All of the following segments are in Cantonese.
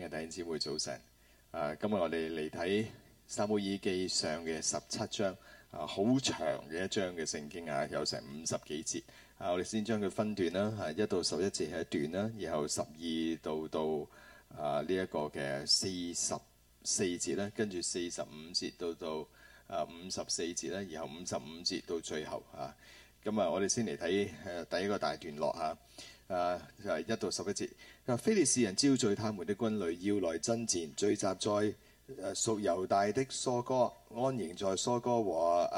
嘅弟兄姊妹早晨，啊，今日我哋嚟睇《撒母耳記》上嘅十七章啊，好長嘅一章嘅聖經啊，有成五十幾節啊，我哋先將佢分段啦，係、啊、一到十一節係一段啦，然後十二到到啊呢一、這個嘅四十四節啦，跟住四十五節到到啊五十四節啦，然後五十五節到最後啊，咁啊，我哋先嚟睇誒第一個大段落吓。啊誒係一到十一節。嗱，非利士人招聚他們的軍隊，要來爭戰，聚集在誒屬猶大的梭哥，安營在梭哥和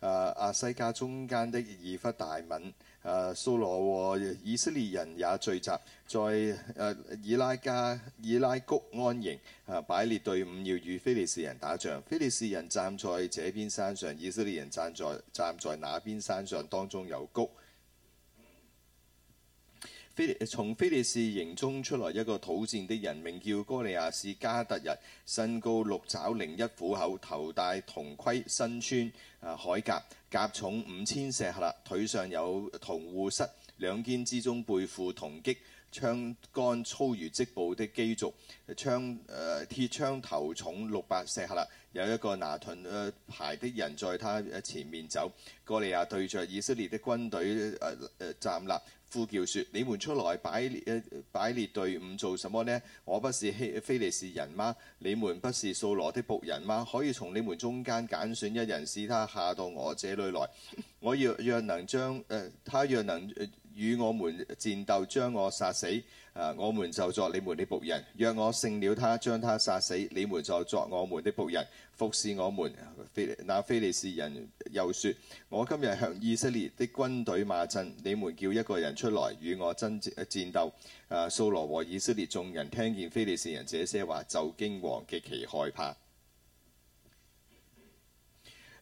誒誒誒亞西加中間的以弗大憫。誒、啊、掃羅和以色列人也聚集在誒、uh, 以拉加以拉谷安營，誒、啊、擺列隊伍要與非利士人打仗。非利士人站在這邊山上，以色列人站在站在那邊山上，當中有谷。從非利士營中出來一個討戰的人，名叫哥利亞士加特人，身高六爪零一虎口，頭戴銅盔，身穿啊、呃、海甲，甲重五千石克啦，腿上有銅護膝，兩肩之中背負銅擊槍杆粗如織布的機軸，槍誒、呃、鐵槍頭重六百石克啦，有一個拿盾誒、呃、牌的人在他前面走，哥利亞對着以色列的軍隊誒、呃呃、站立。呼叫說：你們出來擺列擺列隊伍做什麼呢？我不是非利士人嗎？你們不是掃羅的僕人嗎？可以從你們中間揀選一人，使他下到我這裡來。我若若能將誒、呃、他若能、呃、與我們戰鬥，將我殺死。啊！我們就作你們的僕人，若我勝了他，將他殺死，你們就作我們的僕人服侍我們。那非利士人又說：我今日向以色列的軍隊罵陣，你們叫一個人出來與我爭戰鬥。啊！掃羅和以色列眾人聽見非利士人這些話，就驚惶極其害怕。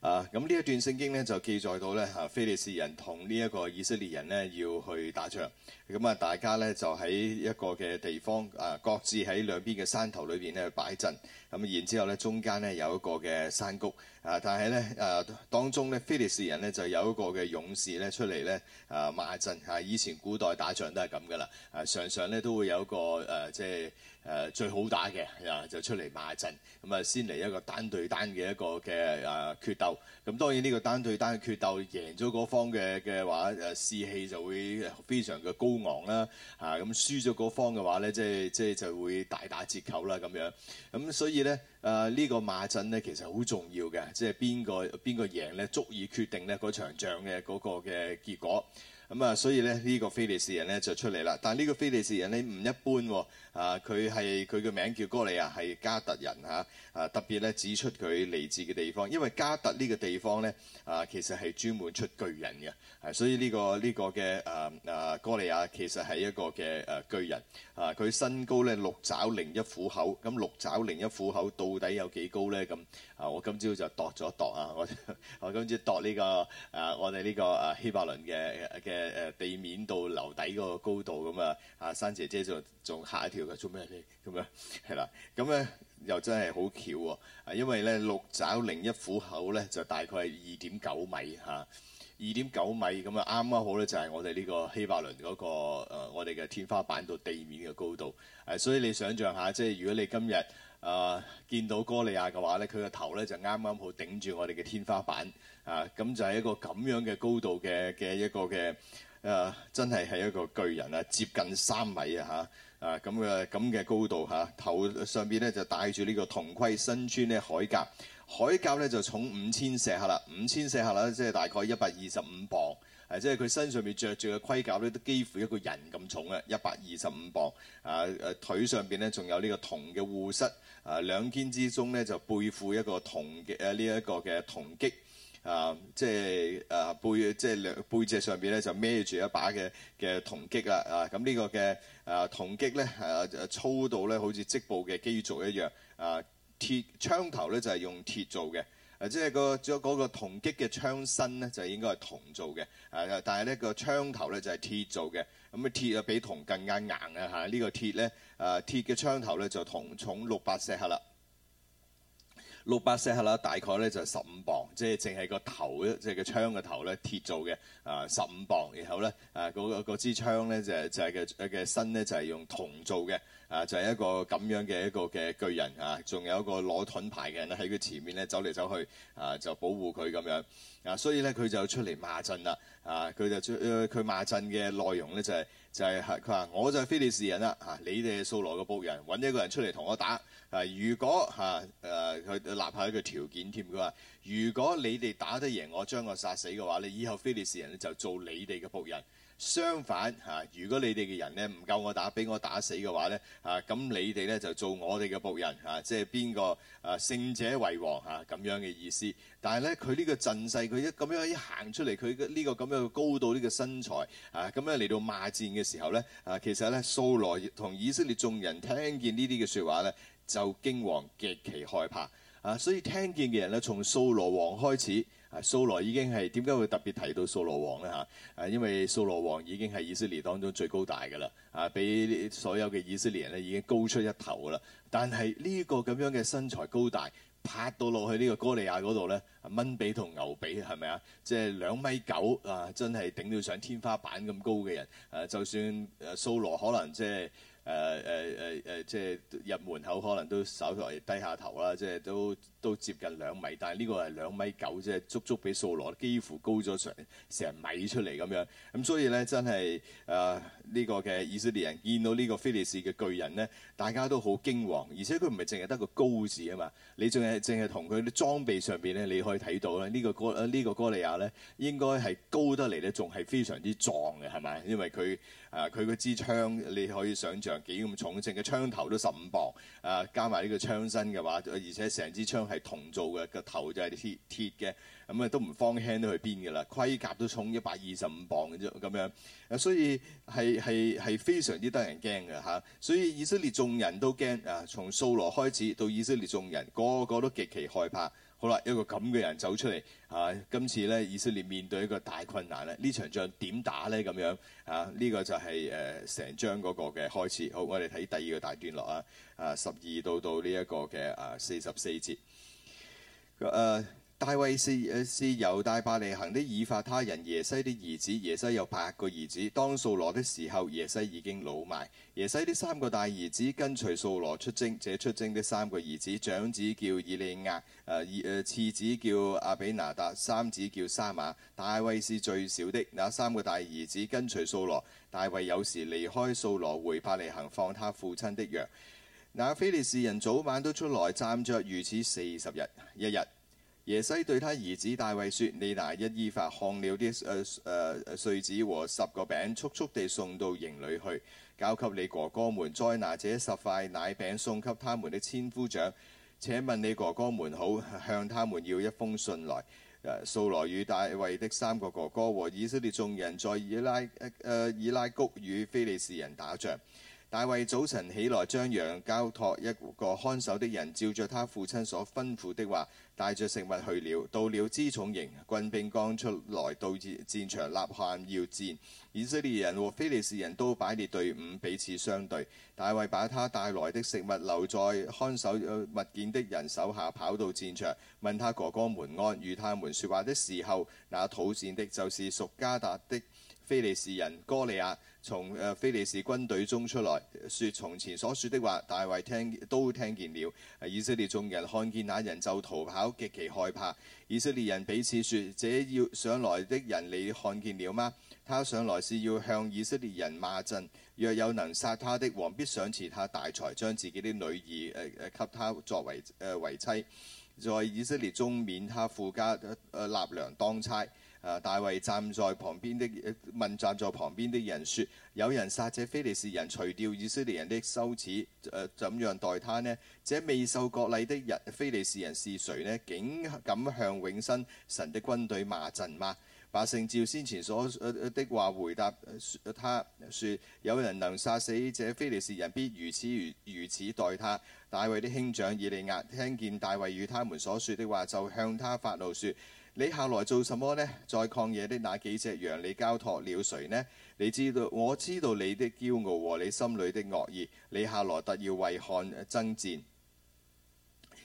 啊，咁呢一段聖經咧就記載到咧，哈、啊，非利士人同呢一個以色列人呢要去打仗，咁啊大家咧就喺一個嘅地方啊，各自喺兩邊嘅山頭裏邊咧擺陣，咁、啊、然之後咧中間呢有一個嘅山谷，啊，但係咧啊當中咧非利士人呢就有一個嘅勇士咧出嚟咧啊罵陣，啊，啊以前古代打仗都係咁噶啦，啊常常咧都會有一個誒、啊、即係。誒最好打嘅，呀就出嚟罵陣，咁啊先嚟一個單對單嘅一個嘅啊決鬥。咁當然呢個單對單嘅決鬥贏咗嗰方嘅嘅話，誒士氣就會非常嘅高昂啦。嚇咁輸咗嗰方嘅話呢，即係即係就是就是、會大打折扣啦咁樣。咁所以呢，誒、這、呢個罵陣呢其實好重要嘅，即係邊個邊個贏呢，足以決定呢嗰場仗嘅嗰個嘅結果。咁啊、嗯，所以咧呢、這個非利士人咧就出嚟啦。但係呢個非利士人咧唔一般喎、哦，啊佢係佢嘅名字叫歌利亞，係迦特人嚇。啊啊，特別咧指出佢嚟自嘅地方，因為加特呢個地方咧啊，其實係專門出巨人嘅、這個這個，啊，所以呢個呢個嘅啊啊哥利亞其實係一個嘅誒、啊、巨人啊，佢身高咧六肘零一虎口，咁、啊、六肘零一虎口到底有幾高咧？咁啊，我今朝就度咗度啊，我我今朝度呢個啊，我哋呢個倫啊希伯倫嘅嘅誒地面到樓底嗰個高度咁啊，啊珊姐姐就仲嚇一跳嘅，做咩你咁樣係啦？咁咧。啊啊啊又真係好巧喎！啊，因為咧六肘零一虎口咧就大概係二點九米嚇，二點九米咁啊啱啱好咧就係我哋呢個希伯倫嗰、那個、啊、我哋嘅天花板到地面嘅高度。誒、啊，所以你想像下，即係如果你今日啊見到哥利亞嘅話咧，佢個頭咧就啱啱好頂住我哋嘅天花板啊，咁、啊、就係、是、一個咁樣嘅高度嘅嘅一個嘅誒、啊，真係係一個巨人啊，接近三米啊嚇！啊，咁嘅咁嘅高度嚇、啊，頭上邊咧就戴住呢個銅盔，身穿咧鎧甲，鎧甲咧就重五千石克啦，五千石克啦，即係大概一百二十五磅，係、啊、即係佢身上邊着住嘅盔甲咧，都幾乎一個人咁重啊，一百二十五磅，啊誒，腿上邊咧仲有呢個銅嘅護膝，啊，兩肩之中咧就背負一個銅嘅呢一個嘅銅戟。啊、呃，即係啊、呃、背，即係兩背脊上邊咧就孭住一把嘅嘅銅戟啦，啊咁呢、這個嘅啊銅戟咧啊粗度咧好似織布嘅機做一樣，啊鐵槍頭咧就係、是、用鐵做嘅，啊即係、那個咗嗰、那個銅戟嘅槍身咧就應該係銅做嘅，啊但係呢、那個槍頭咧就係、是、鐵做嘅，咁啊鐵啊比銅更加硬啊嚇，呢、這個鐵咧啊鐵嘅槍頭咧就同重六百石克啦。六百石克啦，大概咧就係十五磅，即係淨係個頭，即係個槍個頭咧鐵做嘅，啊十五磅，然後呢啊嗰個嗰支槍咧就是、就係嘅嘅身咧就係、是、用銅做嘅。啊，就係、是、一個咁樣嘅一個嘅巨人啊，仲有一個攞盾牌嘅人咧喺佢前面咧走嚟走去，啊就保護佢咁樣啊，所以咧佢就出嚟罵陣啦，啊佢就誒佢罵陣嘅內容咧就係、是、就係嚇佢話我就係菲利士人啦嚇、啊，你哋掃羅嘅僕人搵一個人出嚟同我打，啊如果嚇誒佢立下一個條件添，佢、啊、話如果你哋打得贏我，將我殺死嘅話，你以後非利士人咧就做你哋嘅僕人。相反嚇、啊，如果你哋嘅人咧唔夠我打，俾我打死嘅話呢嚇，咁、啊、你哋呢就做我哋嘅僕人嚇、啊，即係邊個啊勝者為王嚇咁、啊、樣嘅意思。但係咧，佢呢個陣勢，佢一咁樣一行出嚟，佢呢個咁樣嘅高度，呢、呢個身材嚇，咁、啊、樣嚟到罵戰嘅時候呢，啊，其實呢，掃羅同以色列眾人聽見呢啲嘅説話呢，就驚惶極其害怕啊！所以聽見嘅人呢，從掃羅王開始。啊，掃羅已經係點解會特別提到掃羅王咧嚇？啊，因為掃羅王已經係以色列當中最高大嘅啦，啊，比所有嘅以色列人咧已經高出一頭嘅啦。但係呢個咁樣嘅身材高大，拍到落去呢個哥利亞嗰度咧，蚊比同牛比係咪啊？即係、就係、兩米九啊，真係頂到上天花板咁高嘅人，誒、啊，就算誒掃羅可能即、就、係、係。誒誒誒誒，即係入門口可能都稍微低下頭啦，即係都都接近兩米，但係呢個係兩米九，即係足足比掃羅幾乎高咗成成米出嚟咁樣，咁所以咧真係誒。呃呢個嘅以色列人見到呢個菲利士嘅巨人呢，大家都好驚惶，而且佢唔係淨係得個高字啊嘛！你仲係淨係同佢啲裝備上邊呢，你可以睇到咧，這個，呢個哥呢個哥利亞呢，應該係高得嚟呢，仲係非常之壯嘅，係咪？因為佢啊，佢支槍你可以想像幾咁重，淨係槍頭都十五磅啊，加埋呢個槍身嘅話，而且成支槍係銅造嘅，個頭就係鐵鐵嘅。咁啊都唔方輕都去邊嘅啦，盔甲都重一百二十五磅嘅啫，咁樣啊，所以係係係非常之得人驚嘅嚇。所以以色列眾人都驚啊，從掃羅開始到以色列眾人個個個都極其害怕。好啦，一個咁嘅人走出嚟啊，今次咧以色列面對一個大困難咧，呢場仗點打咧咁樣啊？呢個就係誒成章嗰個嘅開始。好，我哋睇第二個大段落啊，啊十二到到呢一個嘅啊四十四節，誒。大衛是誒、呃、是猶大伯利恆的，以法他人耶西的兒子。耶西有八個兒子。當掃羅的時候，耶西已經老邁。耶西的三個大兒子跟隨掃羅出征，這出征的三個兒子，長子叫以利亞、呃呃，次子叫亞比拿達，三子叫沙瑪。大衛是最小的。那三個大兒子跟隨掃羅。大衛有時離開掃羅回伯利恆，放他父親的羊。那非利士人早晚都出來站着，如此四十日一日。耶西對他兒子大衛説：你拿一伊法烘了啲誒誒穗子和十個餅，速速地送到營裏去，交給你哥哥們。再拿這十塊奶餅送給他們的千夫長。且問你哥哥們好，向他們要一封信來。誒、啊，掃羅與大衛的三個哥哥和以色列眾人在，在以拉誒誒以拉谷與非利士人打仗。大衛早晨起來，將羊交託一個看守的人，照着他父親所吩咐的話，帶着食物去了。到了輜重營，軍兵剛出來到戰場吶喊要戰，以色列人和非利士人都擺列隊伍，彼此相對。大衛把他帶來的食物留在看守物件的人手下，跑到戰場，問他哥哥們安。與他們說話的時候，那討戰的就是屬迦達的非利士人歌利亞。從誒非利士軍隊中出來，説從前所説的話，大衛聽都聽見了。以色列眾人看見那人就逃跑，極其害怕。以色列人彼此説：這要上來的人，你看見了嗎？他上來是要向以色列人罵陣。若有能殺他的，王必賞賜他大財，將自己的女兒誒誒、呃、給他作為誒、呃、為妻，在以色列中免他父家誒誒納糧當差。啊！大衛站在旁邊的問站在旁邊的人說：說有人殺這非利士人，除掉以色列人的羞恥，呃、怎樣待他呢？這未受國禮的人，非利士人是誰呢？竟敢向永生神的軍隊罵陣嗎？百姓照先前所誒、呃、的話回答他説，有人能殺死這非利士人，必如此如，如此待他。大衛的兄長以利亞聽見大衛與他們所說的話，就向他發怒説。你下來做什麼呢？在曠野的那幾隻羊，你交託了誰呢？你知道，我知道你的驕傲和、哦、你心裏的惡意。你下來特要為汗爭戰。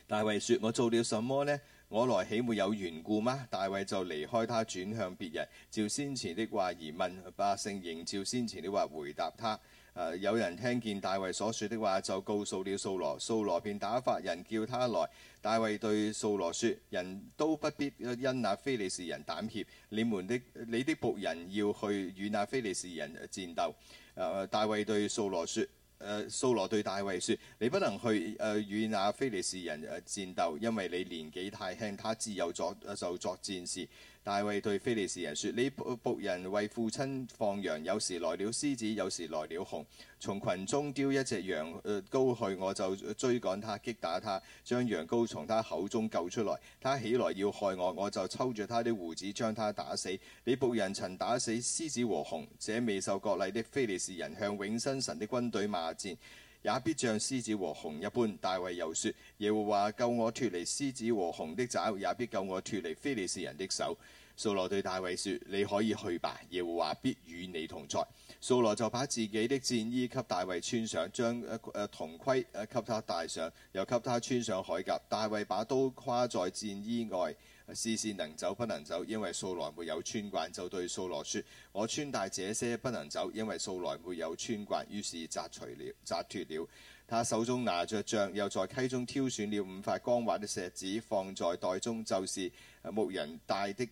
大衛說：我做了什麼呢？我來豈沒有緣故嗎？大衛就離開他，轉向別人，照先前的話而問百姓仍，仍照先前的話回答他。誒、呃、有人聽見大衛所說的話，就告訴了掃羅，掃羅便打發人叫他來。大衛對掃羅説：人都不必因那非利士人膽怯，你們的你的僕人要去與那非利士人戰鬥。誒、呃、大衛對掃羅説：誒、呃、掃羅對大衛説：你不能去誒、呃、與那非利士人誒戰鬥，因為你年紀太輕，他自幼作就作戰士。」大衛對非利士人說：你僕人為父親放羊，有時來了獅子，有時來了熊。從群中叼一隻羊，呃，羔去，我就追趕他，擊打他，將羊羔從他口中救出來。他起來要害我，我就抽住他的鬍子，將他打死。你僕人曾打死獅子和熊。這未受割禮的非利士人向永生神的軍隊罵戰。也必像獅子和熊一般。大衛又說：耶和華救我脱離獅子和熊的爪，也必救我脱離菲利士人的手。掃羅對大衛説：你可以去吧。耶和華必與你同在。掃羅就把自己的戰衣給大衛穿上，將誒誒銅盔誒給、呃、他戴上，又給他穿上海甲。大衛把刀跨在戰衣外。試試能走不能走，因為素來沒有穿慣，就對掃羅説：我穿戴這些不能走，因為素來沒有穿慣。於是摘除了，摘脱了。他手中拿着杖，又在溪中挑選了五塊光滑的石子，放在袋中。就是牧人帶的誒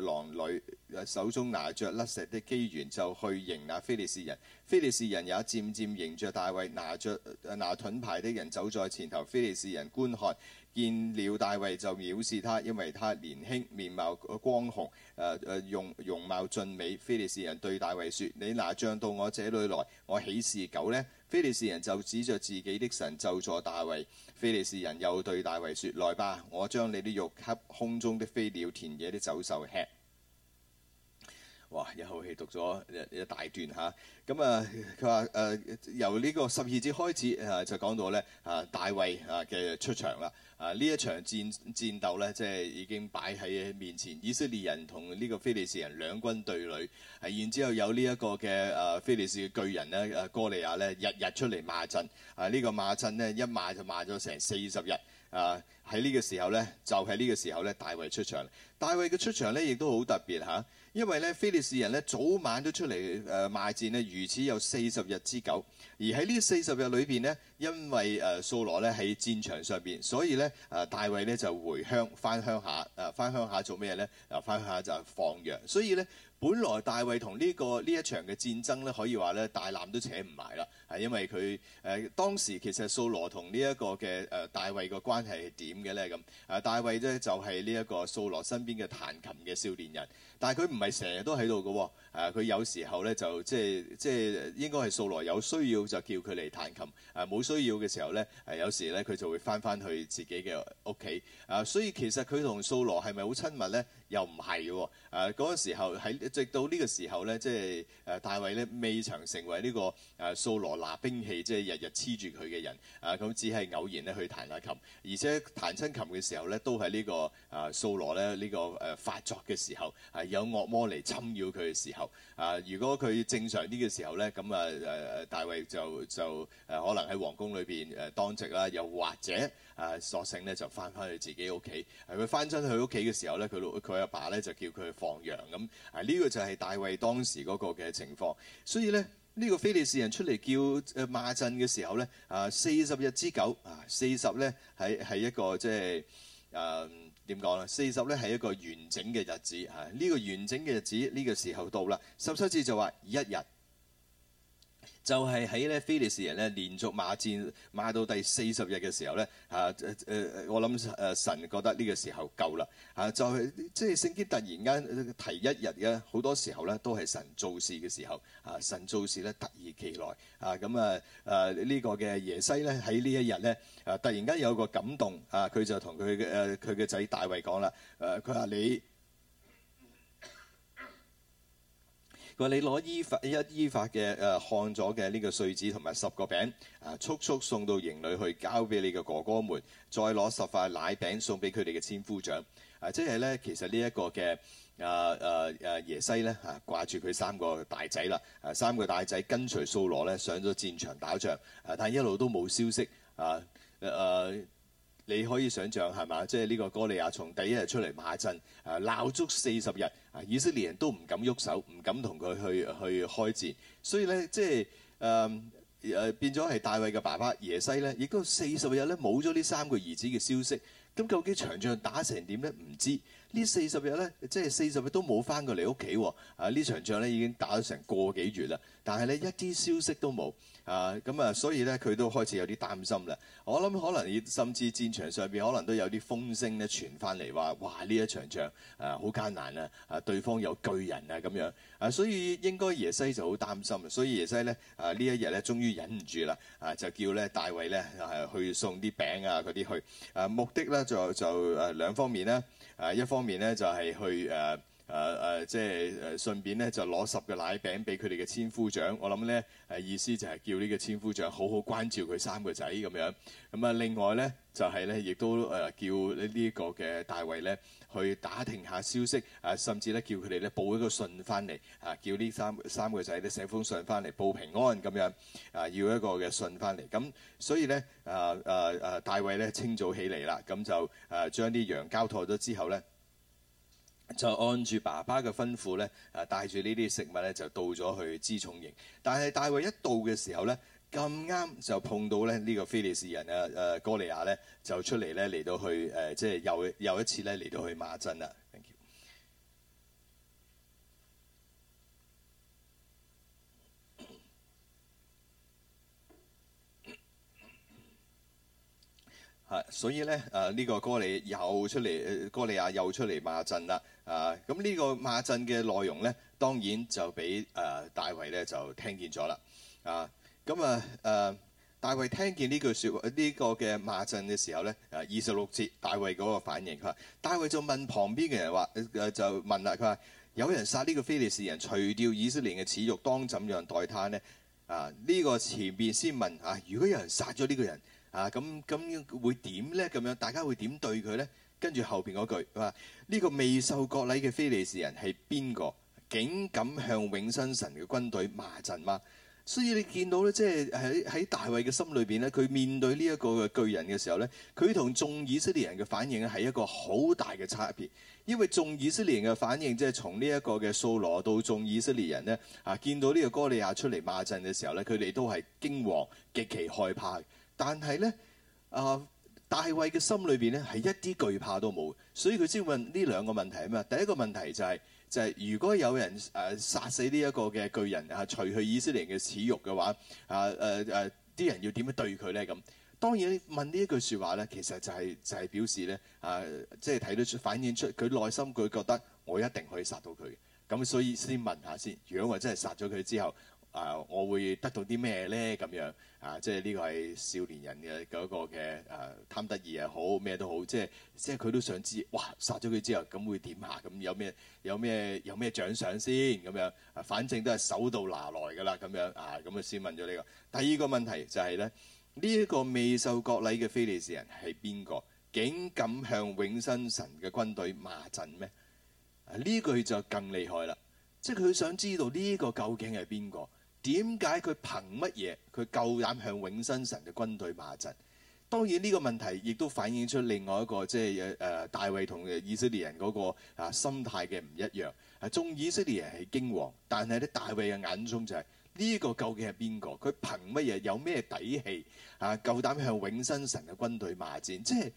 囊裡，手中拿着甩石的機弦，就去迎那非利士人。非利士人也漸漸迎着大衛，拿着拿盾牌的人走在前頭。非利士人觀看。見了大衛就藐視他，因為他年輕、面貌光紅、誒、呃、誒容容貌俊美。非利士人對大衛説：你拿杖到我這裏來，我豈是狗呢？非利士人就指着自己的神咒詛大衛。非利士人又對大衛説：來吧，我將你的肉給空中的飛鳥、田野的走獸吃。哇！一口氣讀咗一一大段嚇，咁啊佢話誒由呢個十二節開始啊，就講到咧啊，大衛啊嘅出場啦啊呢一場戰戰鬥咧，即係已經擺喺面前。以色列人同呢個非利士人兩軍對壘，係、啊、然之後有呢一個嘅誒非利士巨人咧誒歌利亞咧日日出嚟罵陣啊，呢、這個罵陣咧一罵就罵咗成四十日。啊！喺呢個時候呢，就係、是、呢個時候呢，大衛出場。大衛嘅出場呢，亦都好特別嚇、啊，因為呢，非利士人呢，早晚都出嚟誒、呃、賣戰呢，如此有四十日之久。而喺呢四十日裏邊呢，因為誒掃、呃、羅呢喺戰場上邊，所以呢，誒、呃、大衛呢就回鄉翻鄉下。誒、啊、翻鄉下做咩呢？誒、啊、翻鄉下就放羊。所以呢。本來大衛同呢個呢一場嘅戰爭咧，可以話咧大纜都扯唔埋啦，係因為佢誒、呃、當時其實掃羅同呢一個嘅誒、呃、大衛個關係係點嘅呢？咁、呃？誒大衛呢就係呢一個掃羅身邊嘅彈琴嘅少年人。但係佢唔係成日都喺度嘅喎，佢、啊、有時候咧就即係即係應該係掃羅有需要就叫佢嚟彈琴，誒、啊、冇需要嘅時候咧誒、啊、有時咧佢就會翻翻去自己嘅屋企，啊所以其實佢同掃羅係咪好親密咧？又唔係嘅喎，誒嗰個時候喺直到呢個時候咧，即係誒、啊、大衛咧未曾成為呢、這個誒掃、啊、羅拿兵器即係、就是、日日黐住佢嘅人，啊咁只係偶然咧去彈下琴，而且彈親琴嘅時候咧都係、這個啊、呢、這個誒掃羅咧呢個誒發作嘅時候係。啊啊有惡魔嚟侵擾佢嘅時候，啊！如果佢正常啲嘅時候咧，咁啊誒，大衛就就誒、啊，可能喺皇宮裏邊誒當值啦，又或者啊，索性咧就翻返去自己屋企。佢翻返去屋企嘅時候咧，佢佢阿爸咧就叫佢放羊咁。啊，爸爸呢就啊啊、呢個就係大衛當時嗰個嘅情況。所以咧，呢、呢個非利士人出嚟叫誒罵陣嘅時候咧，啊四十日之久啊，四十咧喺喺一個即係誒。點講呢？四十呢係一個完整嘅日子嚇，呢個完整嘅日子呢個時候到啦。十七節就話一日。就係喺咧非利士人咧連續罵戰罵到第四十日嘅時候咧，啊誒誒、呃，我諗誒神覺得呢個時候夠啦，啊就係、是、即係聖經突然間提一日嘅好多時候咧，都係神做事嘅時候，啊神做事咧突如其來，啊咁啊啊呢、這個嘅耶西咧喺呢一日咧啊突然間有個感動，啊佢就同佢嘅誒佢嘅仔大衛講啦，誒佢話你。佢話：你攞依法一依法嘅誒看咗嘅呢個穗子同埋十個餅，啊，速速送到營裏去交俾你嘅哥哥們，再攞十塊奶餅送俾佢哋嘅千夫長。啊，即係咧，其實呢一個嘅啊啊啊耶西咧，啊掛住佢三個大仔啦，啊三個大仔跟隨掃羅咧上咗戰場打仗，啊但係一路都冇消息，啊誒。啊你可以想像係嘛？即係呢個哥利亞從第一日出嚟罵陣，啊鬧足四十日，啊以色列人都唔敢喐手，唔敢同佢去去開戰。所以咧，即係誒誒變咗係大衛嘅爸爸耶西咧，亦都四十日咧冇咗呢三個兒子嘅消息。咁究竟場仗打成點咧？唔知呢四十日咧，即係四十日都冇返過嚟屋企喎。啊，呢場仗咧已經打咗成個幾月啦，但係咧一啲消息都冇。啊，咁啊，所以咧，佢都開始有啲擔心啦。我諗可能甚至戰場上邊可能都有啲風聲咧傳翻嚟話，哇！呢一場仗啊，好、呃、艱難啊，啊，對方有巨人啊咁樣啊，所以應該耶西就好擔心啊。所以耶西咧啊，一呢一日咧，終於忍唔住啦啊，就叫咧大衛咧啊，去送啲餅啊嗰啲去啊，目的咧就就啊兩方面咧啊，一方面咧就係、係、去誒。啊誒誒、啊，即係誒、啊，順便咧就攞十個奶餅俾佢哋嘅千夫長。我諗咧誒意思就係叫呢個千夫長好好關照佢三個仔咁樣。咁啊，另外咧就係、是、咧，亦都誒叫呢呢個嘅大衛咧去打聽下消息，誒、啊、甚至咧叫佢哋咧報一個信翻嚟，啊叫呢三三個仔咧寫封信翻嚟報平安咁樣，啊要一個嘅信翻嚟。咁所以咧誒誒誒，大衛咧清早起嚟啦，咁就誒將啲羊交託咗之後咧。就按住爸爸嘅吩咐呢，誒帶住呢啲食物呢，就到咗去輜重營。但係大衛一到嘅時候呢，咁啱就碰到咧呢個非利士人啊、呃，哥利亞咧就出嚟咧嚟到去、呃、即係又，又一次咧嚟到去罵陣啦。啊、所以咧，啊呢、這個歌利又出嚟，歌利亞又出嚟罵陣啦，啊咁、啊這個、呢個罵陣嘅內容咧，當然就俾啊大衛咧就聽見咗啦，啊咁啊，誒大衛聽見呢句説話，呢、這個嘅罵陣嘅時候咧，啊二十六節大衛嗰個反應，佢話大衛就問旁邊嘅人話，誒、呃、就問啦，佢話有人殺呢個非利士人，除掉以色列嘅恥辱，當怎樣待他呢？啊啊、這、呢個前面先問啊，如果有人殺咗呢個人？啊！咁咁會點咧？咁樣大家會點對佢咧？跟住後邊嗰句，哇！呢、這個未受割禮嘅非利士人係邊個？竟敢向永生神嘅軍隊罵陣嗎？所以你見到咧，即係喺喺大衛嘅心裏邊咧，佢面對呢一個嘅巨人嘅時候咧，佢同眾以色列人嘅反應係一個好大嘅差別。因為眾以色列人嘅反應即係從呢一個嘅掃羅到眾以色列人呢，啊，見到呢個哥利亞出嚟罵陣嘅時候咧，佢哋都係驚惶極其害怕。但係咧，啊、呃，大衛嘅心裏邊咧係一啲懼怕都冇，所以佢先問呢兩個問題啊嘛。第一個問題就係、是、就係、是、如果有人誒殺、呃、死呢一個嘅巨人啊，除去以色列嘅恥辱嘅話，啊誒誒，啲、呃啊、人要點樣對佢咧咁？當然問呢一句説話咧，其實就係、是、就係、是、表示咧啊，即係睇到出反映出佢內心佢覺得我一定可以殺到佢嘅，咁、嗯、所以先問下先。如果我真係殺咗佢之後，啊！我會得到啲咩咧？咁樣啊，即係呢個係少年人嘅嗰個嘅啊，貪得意又好，咩都好，即係即係佢都想知，哇！殺咗佢之後，咁會點下？咁有咩有咩有咩獎賞先？咁樣啊，反正都係手到拿來噶啦，咁樣啊，咁啊先問咗呢個。第二個問題就係咧，呢一個未受割禮嘅非利士人係邊個？竟敢向永生神嘅軍隊罵陣咩？啊！呢句就更厲害啦！即係佢想知道呢個究竟係邊個？點解？佢憑乜嘢佢夠膽向永生神嘅軍隊罵陣？當然呢個問題亦都反映出另外一個，即係誒大衛同以色列人嗰個啊心態嘅唔一樣。啊，中以色列人係驚惶，但係咧大衛嘅眼中就係，呢個究竟係邊個？佢憑乜嘢，有咩底氣啊夠膽向永生神嘅軍隊罵戰？即係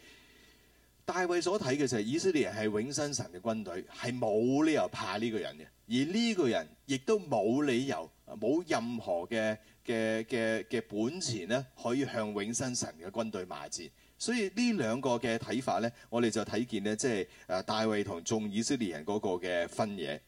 大衛所睇嘅就係以色列人係永生神嘅軍隊，係冇理由怕呢個人嘅，而呢個人亦都冇理由。冇任何嘅嘅嘅嘅本錢咧，可以向永生神嘅軍隊罵戰，所以呢兩個嘅睇法咧，我哋就睇見咧，即係誒大衛同眾以色列人嗰個嘅分野。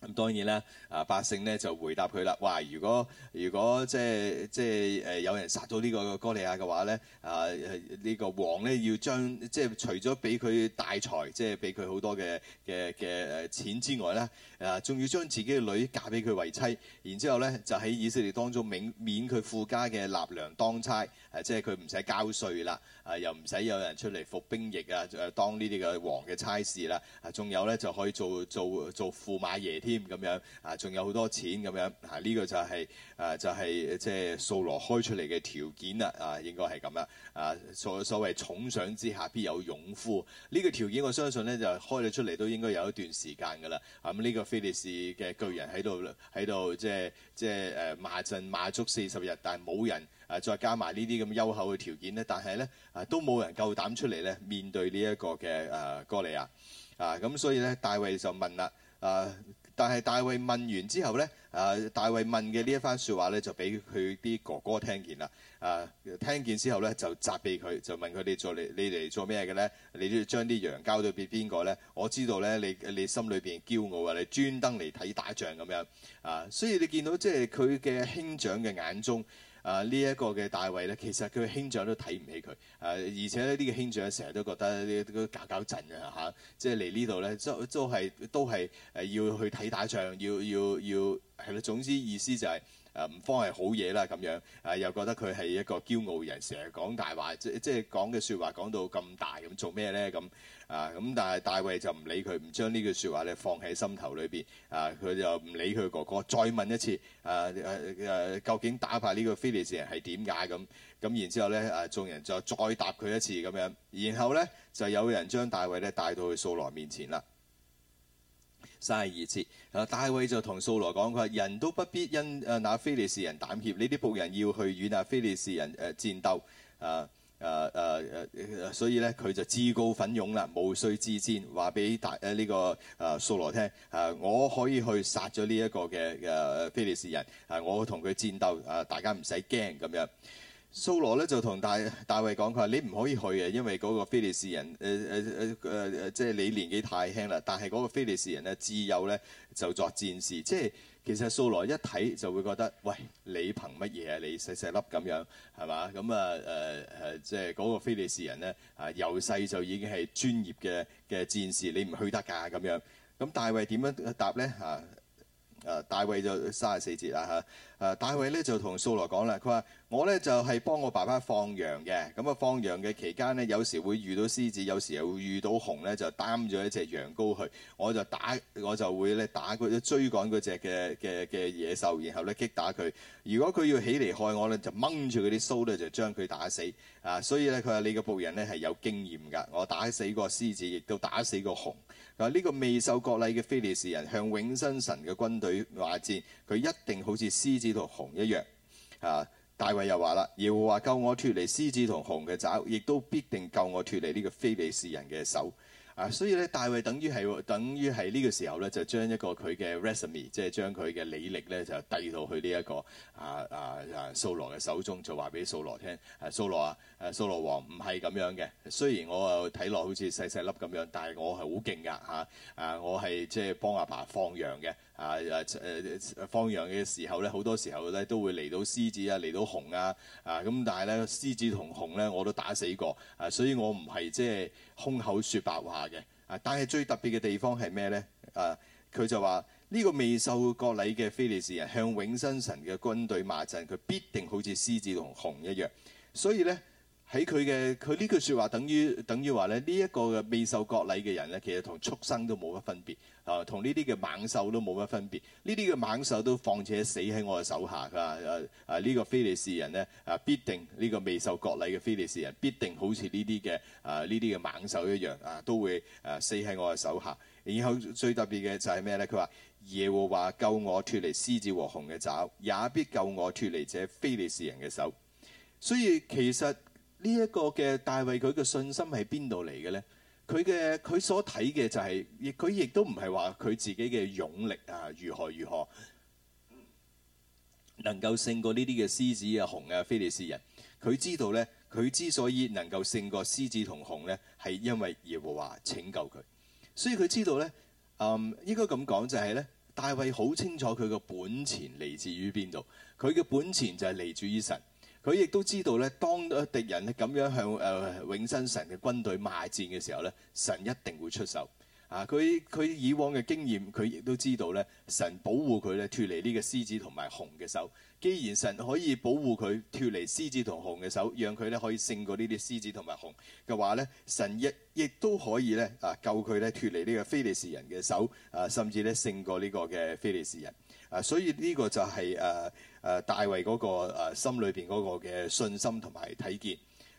咁當然啦，啊百姓咧就回答佢啦，話如果如果即係即係誒有人殺咗呢個哥利亞嘅話咧，啊呢個王咧要將即係除咗俾佢大財，即係俾佢好多嘅嘅嘅誒錢之外咧，啊仲要將自己嘅女嫁俾佢為妻，然之後咧就喺以色列當中免免佢父家嘅納糧當差，誒即係佢唔使交稅啦。啊！又唔使有人出嚟服兵役啊！誒，當呢啲嘅王嘅差事啦。啊，仲、啊、有呢，就可以做做做駙馬爺添咁樣。仲、啊、有好多錢咁樣。呢、啊這個就係、是。啊，就係、是、即係掃羅開出嚟嘅條件啦！啊，應該係咁啦！啊，所所謂重賞之下必有勇夫呢、這個條件，我相信呢就開咗出嚟都應該有一段時間㗎啦！啊，呢、這個菲利士嘅巨人喺度喺度即係即係誒罵陣馬足四十日，但係冇人啊，再加埋呢啲咁優厚嘅條件，但、呢但係呢，啊，都冇人夠膽出嚟咧，面對呢一個嘅啊，哥利亞，啊，咁，所以呢，大衛就問啦，啊，但係大衛問完之後呢。啊！大衛問嘅呢一番説話咧，就俾佢啲哥哥聽見啦。啊，聽見之後咧，就責備佢，就問佢：你做你你嚟做咩嘅咧？你都要將啲羊交到俾邊個咧？我知道咧，你你心裏邊驕傲啊！你專登嚟睇打仗咁樣啊！所以你見到即係佢嘅兄長嘅眼中。啊！呢、這、一個嘅大衛咧，其實佢兄長都睇唔起佢。啊！而且咧，呢個兄長成日都覺得呢個搞搞震啊嚇、啊，即係嚟呢度咧、就是，都都係都係誒要去睇打仗，要要要係啦。總之意思就係、是。誒唔、啊、方係好嘢啦咁樣，誒、啊、又覺得佢係一個驕傲人，成日講大話，即即係講嘅説話講到咁大，咁做咩呢？咁啊咁，但係大衛就唔理佢，唔將呢句説話咧放喺心頭裏邊。啊，佢就唔理佢哥哥，再問一次誒、啊啊啊、究竟打敗呢個非利士人係點解咁？咁然之後呢，啊眾人就再答佢一次咁樣，然後呢，就有人將大衛咧帶到去掃羅面前啦。三十二節，啊，大衛就同掃羅講：佢話人都不必因啊那非利士人膽怯，呢啲僕人要去與那非利士人誒戰鬥，誒誒誒誒，所以咧佢就自告奮勇啦，毛遂自薦，話俾大誒呢個誒掃、呃、羅聽，誒、呃、我可以去殺咗呢一個嘅誒、呃、非利士人，誒、呃、我同佢戰鬥，誒、呃、大家唔使驚咁樣。掃羅咧就同大大衛講：佢話你唔可以去啊，因為嗰個非利士人誒誒誒誒誒，即係你年紀太輕啦。但係嗰個非利士人呢，自幼呢就作戰士。即係其實掃羅一睇就會覺得：喂，你憑乜嘢啊？你細細粒咁樣係嘛？咁啊誒誒，即係嗰個非利士人咧、呃，由細就已經係專業嘅嘅戰士，你唔去得㗎咁樣。咁大衛點樣答呢？啊？誒、呃、大衛就三十四節啦嚇，誒、啊、大衛咧就同掃羅講啦，佢話我咧就係、是、幫我爸爸放羊嘅，咁啊放羊嘅期間呢，有時會遇到獅子，有時又會遇到熊咧，就擔咗一隻羊羔去，我就打我就會咧打佢，追趕嗰隻嘅嘅嘅野獸，然後咧擊打佢，如果佢要起嚟害我咧，就掹住佢啲鬚咧就將佢打死，啊，所以咧佢話你個僕人咧係有經驗㗎，我打死過獅子，亦都打死過熊。呢個未受割禮嘅非利士人向永生神嘅軍隊話戰，佢一定好似獅子同熊一樣。啊，大衛又話啦，耶和華救我脫離獅子同熊嘅爪，亦都必定救我脫離呢個非利士人嘅手。啊，所以咧，大衛等於係等於係呢個時候咧，就將一個佢嘅 resume，即係將佢嘅履歷咧，就遞到去呢一個啊啊啊掃羅嘅手中，就話俾掃羅聽。啊，掃羅啊，啊掃羅王唔係咁樣嘅。雖然我啊睇落好似細細粒咁樣，但係我係好勁噶嚇。啊，我係即係幫阿爸放羊嘅。啊啊誒放羊嘅時候咧，好多時候咧都會嚟到獅子啊，嚟到熊啊，啊咁但係咧獅子同熊咧我都打死過啊，所以我唔係即係空口説白話嘅啊。但係最特別嘅地方係咩咧？啊，佢就話呢、這個未受割禮嘅菲利士人向永生神嘅軍隊罵陣，佢必定好似獅子同熊一樣，所以咧。喺佢嘅佢呢句説話等於，等於等於話咧，呢、這、一個嘅未受國禮嘅人咧，其實同畜生都冇乜分別，啊，同呢啲嘅猛獸都冇乜分別。呢啲嘅猛獸都況且死喺我嘅手下㗎，啊啊！呢、這個非利士人呢，啊，必定呢、這個未受割禮嘅非利士人，必定好似呢啲嘅啊呢啲嘅猛獸一樣啊，都會啊死喺我嘅手下。然後最特別嘅就係咩咧？佢話耶和華救我脱離獅子和熊嘅爪，也必救我脱離這非利士人嘅手。所以其實。呢一個嘅大衛佢嘅信心係邊度嚟嘅呢？佢嘅佢所睇嘅就係、是，亦佢亦都唔係話佢自己嘅勇力啊，如何如何能夠勝過呢啲嘅獅子啊、熊啊、非利士人？佢知道呢，佢之所以能夠勝過獅子同熊呢，係因為耶和華拯救佢。所以佢知道呢，嗯，應該咁講就係呢，大衛好清楚佢嘅本錢嚟自於邊度？佢嘅本錢就係嚟自於神。佢亦都知道咧，當敵人咁樣向誒、呃、永生神嘅軍隊罵戰嘅時候咧，神一定會出手。啊，佢佢以往嘅經驗，佢亦都知道咧，神保護佢咧脱離呢個獅子同埋熊嘅手。既然神可以保護佢脱離獅子同熊嘅手，讓佢咧可以勝過呢啲獅子同埋熊嘅話咧，神亦亦都可以咧啊救佢咧脱離呢個非利士人嘅手啊，甚至咧勝過呢個嘅非利士人啊。所以呢個就係、是、誒。呃誒、呃、大衛嗰、那個、呃、心裏邊嗰個嘅信心同埋睇見，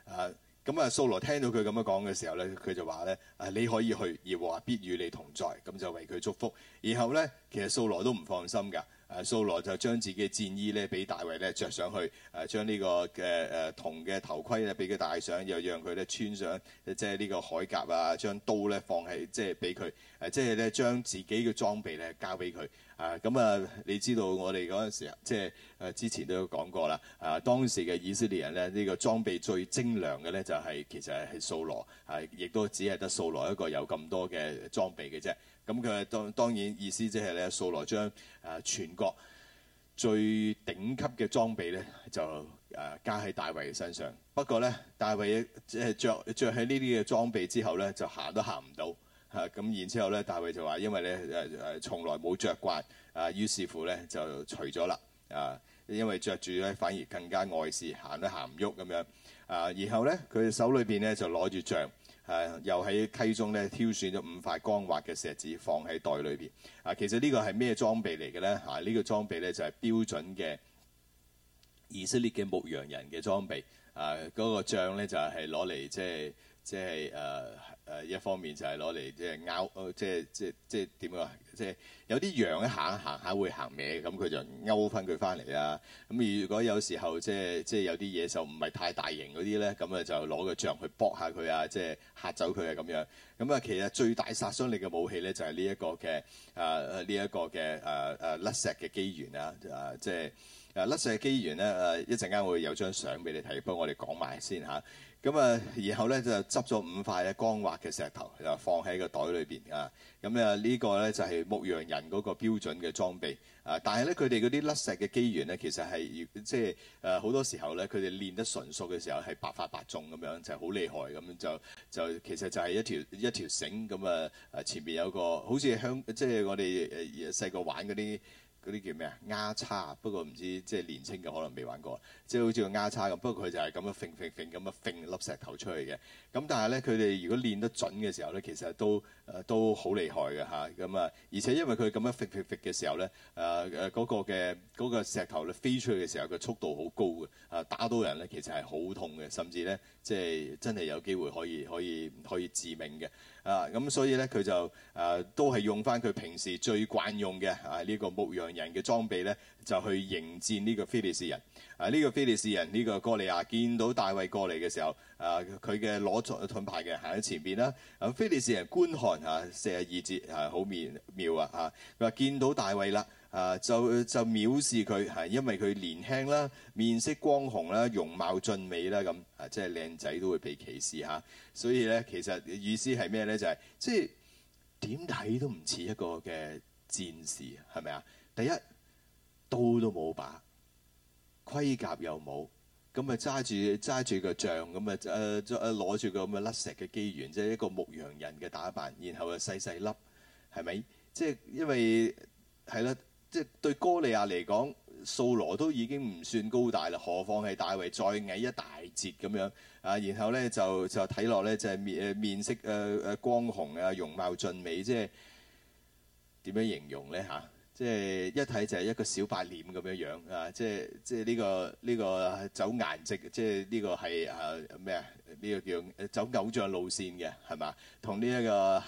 誒咁啊，掃、嗯、羅聽到佢咁樣講嘅時候咧，佢就話咧：誒、啊、你可以去，耶和華必與你同在，咁就為佢祝福。然後咧，其實掃羅都唔放心㗎。誒掃、啊、羅就將自己嘅戰衣咧，俾大衛咧着上去；誒將呢個嘅誒、啊、銅嘅頭盔咧，俾佢戴上，又讓佢咧穿上，即係呢個鎧甲啊，將刀咧放喺，即係俾佢，誒、啊、即係咧將自己嘅裝備咧交俾佢。啊，咁啊，你知道我哋嗰陣時候，即係誒、啊、之前都有講過啦。啊，當時嘅以色列人咧，呢、這個裝備最精良嘅咧，就係、是、其實係掃羅，係、啊、亦都只係得掃羅一個有咁多嘅裝備嘅啫。咁佢係當然意思即係咧，掃羅將誒全國最頂級嘅裝備咧，就誒、啊、加喺大衛嘅身上。不過咧，大衛即係著著喺呢啲嘅裝備之後咧，就行都行唔到嚇。咁、啊、然之後咧，大衛就話：因為咧誒誒從來冇着慣，啊於、啊、是乎咧就除咗啦啊，因為着住咧反而更加礙事，行都行唔喐咁樣啊。然後咧，佢手裏邊咧就攞住杖。誒、啊、又喺溪中咧挑選咗五塊光滑嘅石子放喺袋裏邊。啊，其實個呢、啊這個係咩裝備嚟嘅咧？吓，呢個裝備咧就係、是、標準嘅以色列嘅牧羊人嘅裝備。啊，嗰個杖咧就係攞嚟即係即係誒誒一方面就係攞嚟即係拗誒即係即係即係點樣？有啲羊咧行行下會行歪，咁佢就勾翻佢翻嚟啊！咁如果有時候即係即係有啲嘢就唔係太大型嗰啲咧，咁啊就攞個杖去搏下佢啊，即係嚇走佢啊咁樣。咁啊，其實最大殺傷力嘅武器咧就係呢一個嘅啊呢一個嘅啊啊甩石嘅機弦啊！啊即係啊甩石嘅機弦咧，啊，啊，啊一陣間會，會有張相俾你睇，不過我哋講埋先吓，咁啊，然後咧就執咗五塊嘅光滑嘅石頭，又放喺個袋裏邊啊。咁啊呢個咧就係、是。牧羊人嗰個標準嘅裝備啊，但係咧佢哋嗰啲甩石嘅機緣咧，其實係即係誒好多時候咧，佢哋練得純熟嘅時候係百發百中咁樣，就係好厲害咁樣就就其實就係一條一條繩咁啊，誒前邊有個好似香即係我哋誒細個玩嗰啲，嗰啲叫咩啊？丫叉，不過唔知即係年輕嘅可能未玩過，即係好似個丫叉咁。不過佢就係咁樣揈揈揈咁樣揈粒石頭出去嘅。咁但係咧，佢哋如果練得準嘅時候咧，其實都誒、呃、都好厲害嘅嚇。咁啊，而且因為佢咁樣揈揈揈嘅時候咧，誒誒嗰個嘅嗰、嗰個、石頭咧飛出去嘅時候，佢速度好高嘅。誒、啊、打到人咧，其實係好痛嘅，甚至咧即係真係有機會可以可以可以，可以致命嘅。啊，咁、嗯、所以咧，佢就誒、啊、都係用翻佢平時最慣用嘅啊呢、這個牧羊人嘅裝備咧，就去迎戰呢個非利士人。啊，呢、這個非利士人呢、這個哥利亞見到大衛過嚟嘅時候，啊佢嘅攞盾盾牌嘅行喺前邊啦。啊，非利士人觀看啊，四十二節啊，好妙妙啊嚇！佢、啊、話見到大衛啦。啊，就就藐視佢，係因為佢年輕啦、面色光紅啦、容貌俊美啦，咁啊，即係靚仔都會被歧視嚇、啊。所以咧，其實意思係咩咧？就係、是、即係點睇都唔似一個嘅戰士，係咪啊？第一，刀都冇把，盔甲又冇，咁咪揸住揸住個杖，咁咪誒攞住個咁嘅甩石嘅機緣，即係一個牧羊人嘅打扮，然後又細細粒，係咪？即係因為係啦。即係對歌利亞嚟講，掃羅都已經唔算高大啦，何況係大衛再矮一大截咁樣啊？然後咧就就睇落咧就係面面色誒誒、呃、光紅啊，容貌俊美，即係點樣形容咧嚇、啊？即係一睇就係一個小白臉咁樣樣啊！即係即係呢、這個呢、這個走顏值，即係呢個係嚇咩啊？呢、這個叫走偶像路線嘅係嘛？同呢、這個、 一個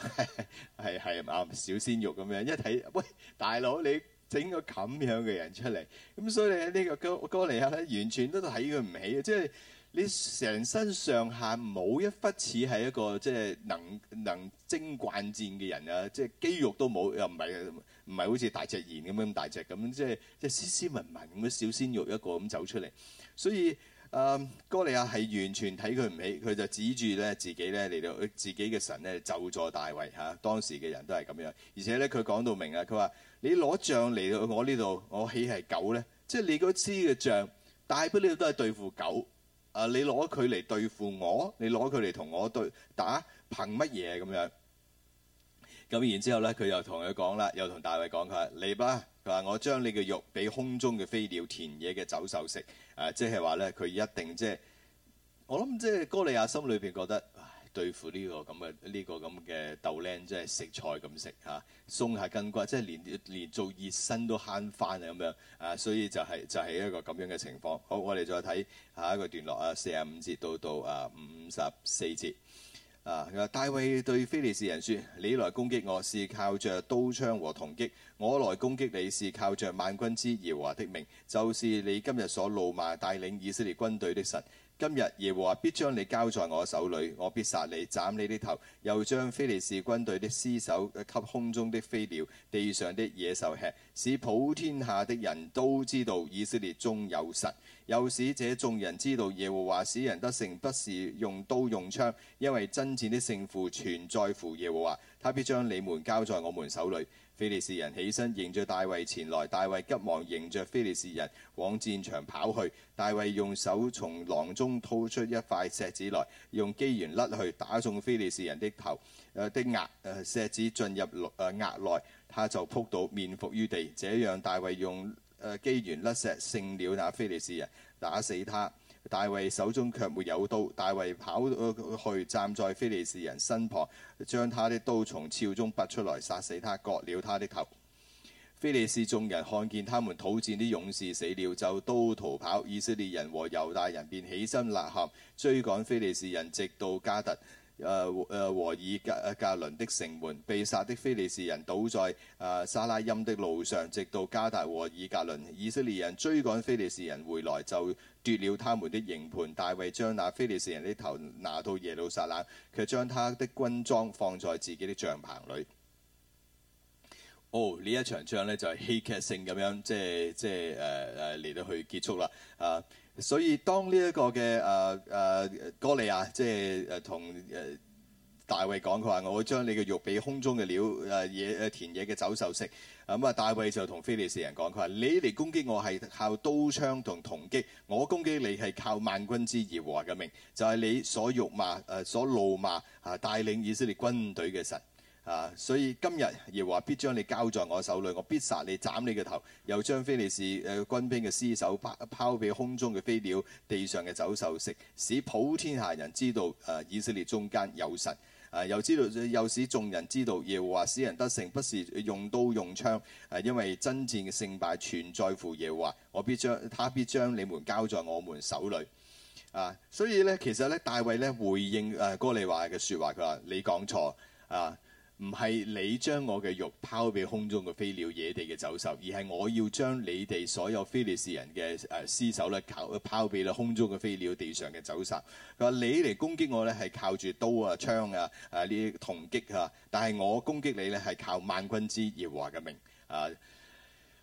係係啊小鮮肉咁樣一睇，喂大佬你～整個咁樣嘅人出嚟，咁所以喺呢個哥哥利亞咧，完全都睇佢唔起啊！即係你成身上下冇一忽似係一個即係能能征慣戰嘅人啊！即係肌肉都冇，又唔係唔係好似大隻賢咁樣大隻咁，即係即係斯斯文文咁小鮮肉一個咁走出嚟。所以啊、呃，哥利亞係完全睇佢唔起，佢就指住咧自己咧嚟到自己嘅神咧就咒大衛嚇、啊。當時嘅人都係咁樣，而且咧佢講到明啊，佢話。你攞杖嚟到我呢度，我豈係狗呢？即係你嗰支嘅杖，大不了都係對付狗。啊，你攞佢嚟對付我，你攞佢嚟同我對打，憑乜嘢咁樣？咁然之後呢，佢又同佢講啦，又同大衛講佢：嚟吧，佢話我將你嘅肉俾空中嘅飛鳥、田野嘅走獸食。誒、啊，即係話呢，佢一定即、就、係、是、我諗，即係歌利亞心裏邊覺得。對付呢個咁嘅呢個咁嘅豆靚，即係食菜咁食嚇，鬆、啊、下筋骨，即係連連做熱身都慳翻啊咁樣啊，所以就係、是、就係、是、一個咁樣嘅情況。好，我哋再睇下一個段落啊，四十五節到到啊五十四節啊。大衛對非利士人說：你來攻擊我是靠着刀槍和銅擊，我來攻擊你是靠着萬軍之耶和華的名，就是你今日所怒罵帶領以色列軍隊的神。今日耶和華必將你交在我手裏，我必殺你，斬你的頭，又將非利士軍隊的屍首給空中的飛鳥、地上的野獸吃，使普天下的人都知道以色列中有神，又使這眾人知道耶和華使人得勝不是用刀用槍，因為爭戰的勝負全在乎耶和華，他必將你們交在我們手裏。非利士人起身迎着大衛前來，大衛急忙迎着非利士人往戰場跑去。大衛用手從囊中掏出一塊石子來，用機緣甩去打中非利士人的頭，誒、呃、的額誒、呃、石子進入內誒額內，他就撲倒面伏於地。這樣大衛用誒、呃、機緣甩石勝了那非利士人，打死他。大衛手中卻沒有刀，大衛跑去站在非利士人身旁，將他的刀從鞘中拔出來殺死他，割了他的頭。非利士眾人看見他們討戰的勇士死了，就都逃跑。以色列人和猶大人便起身吶喊，追趕非利士人，直到加特。誒誒、啊、和，和以革格倫的城門，被殺的非利士人倒在誒、啊、沙拉音的路上，直到加大和以革倫。以色列人追趕非利士人回來，就奪了他們的營盤。大衛將那非利士人的頭拿到耶路撒冷，卻將他的軍裝放在自己的帳棚裏。哦，呢一場仗咧就係、是、戲劇性咁樣，即係即係誒誒嚟到去結束啦。啊！所以當呢一個嘅誒誒歌利亞，即係誒同誒大衛講佢話，我會將你嘅肉俾空中嘅鳥誒野誒田野嘅走獸食。咁、呃、啊，大衛就同非利士人講佢話，你嚟攻擊我係靠刀槍同銅戟，我攻擊你係靠萬軍之耶和華嘅命，就係、是、你所辱罵誒、呃、所怒罵啊帶領以色列軍隊嘅神。啊！所以今日耶和華必將你交在我手裏，我必殺你，斬你嘅頭，又將非利士誒軍兵嘅屍首拋拋俾空中嘅飛鳥、地上嘅走獸食，使普天下人知道誒、呃、以色列中間有神啊！又知道又使眾人知道耶和華使人得勝，不是用刀用槍啊，因為真正嘅勝敗全在乎耶和華，我必將他必將你們交在我們手裏啊！所以呢，其實呢，大衛呢，回應誒哥、呃、利華嘅説話，佢話你講錯啊！啊啊唔係你將我嘅肉拋俾空中嘅飛鳥、野地嘅走獸，而係我要將你哋所有非利士人嘅誒屍首咧，拋俾咧空中嘅飛鳥、地上嘅走獸，佢話你嚟攻擊我咧，係靠住刀啊、槍啊、誒呢啲銅戟啊，但係我攻擊你咧，係靠萬軍之耶和華嘅名啊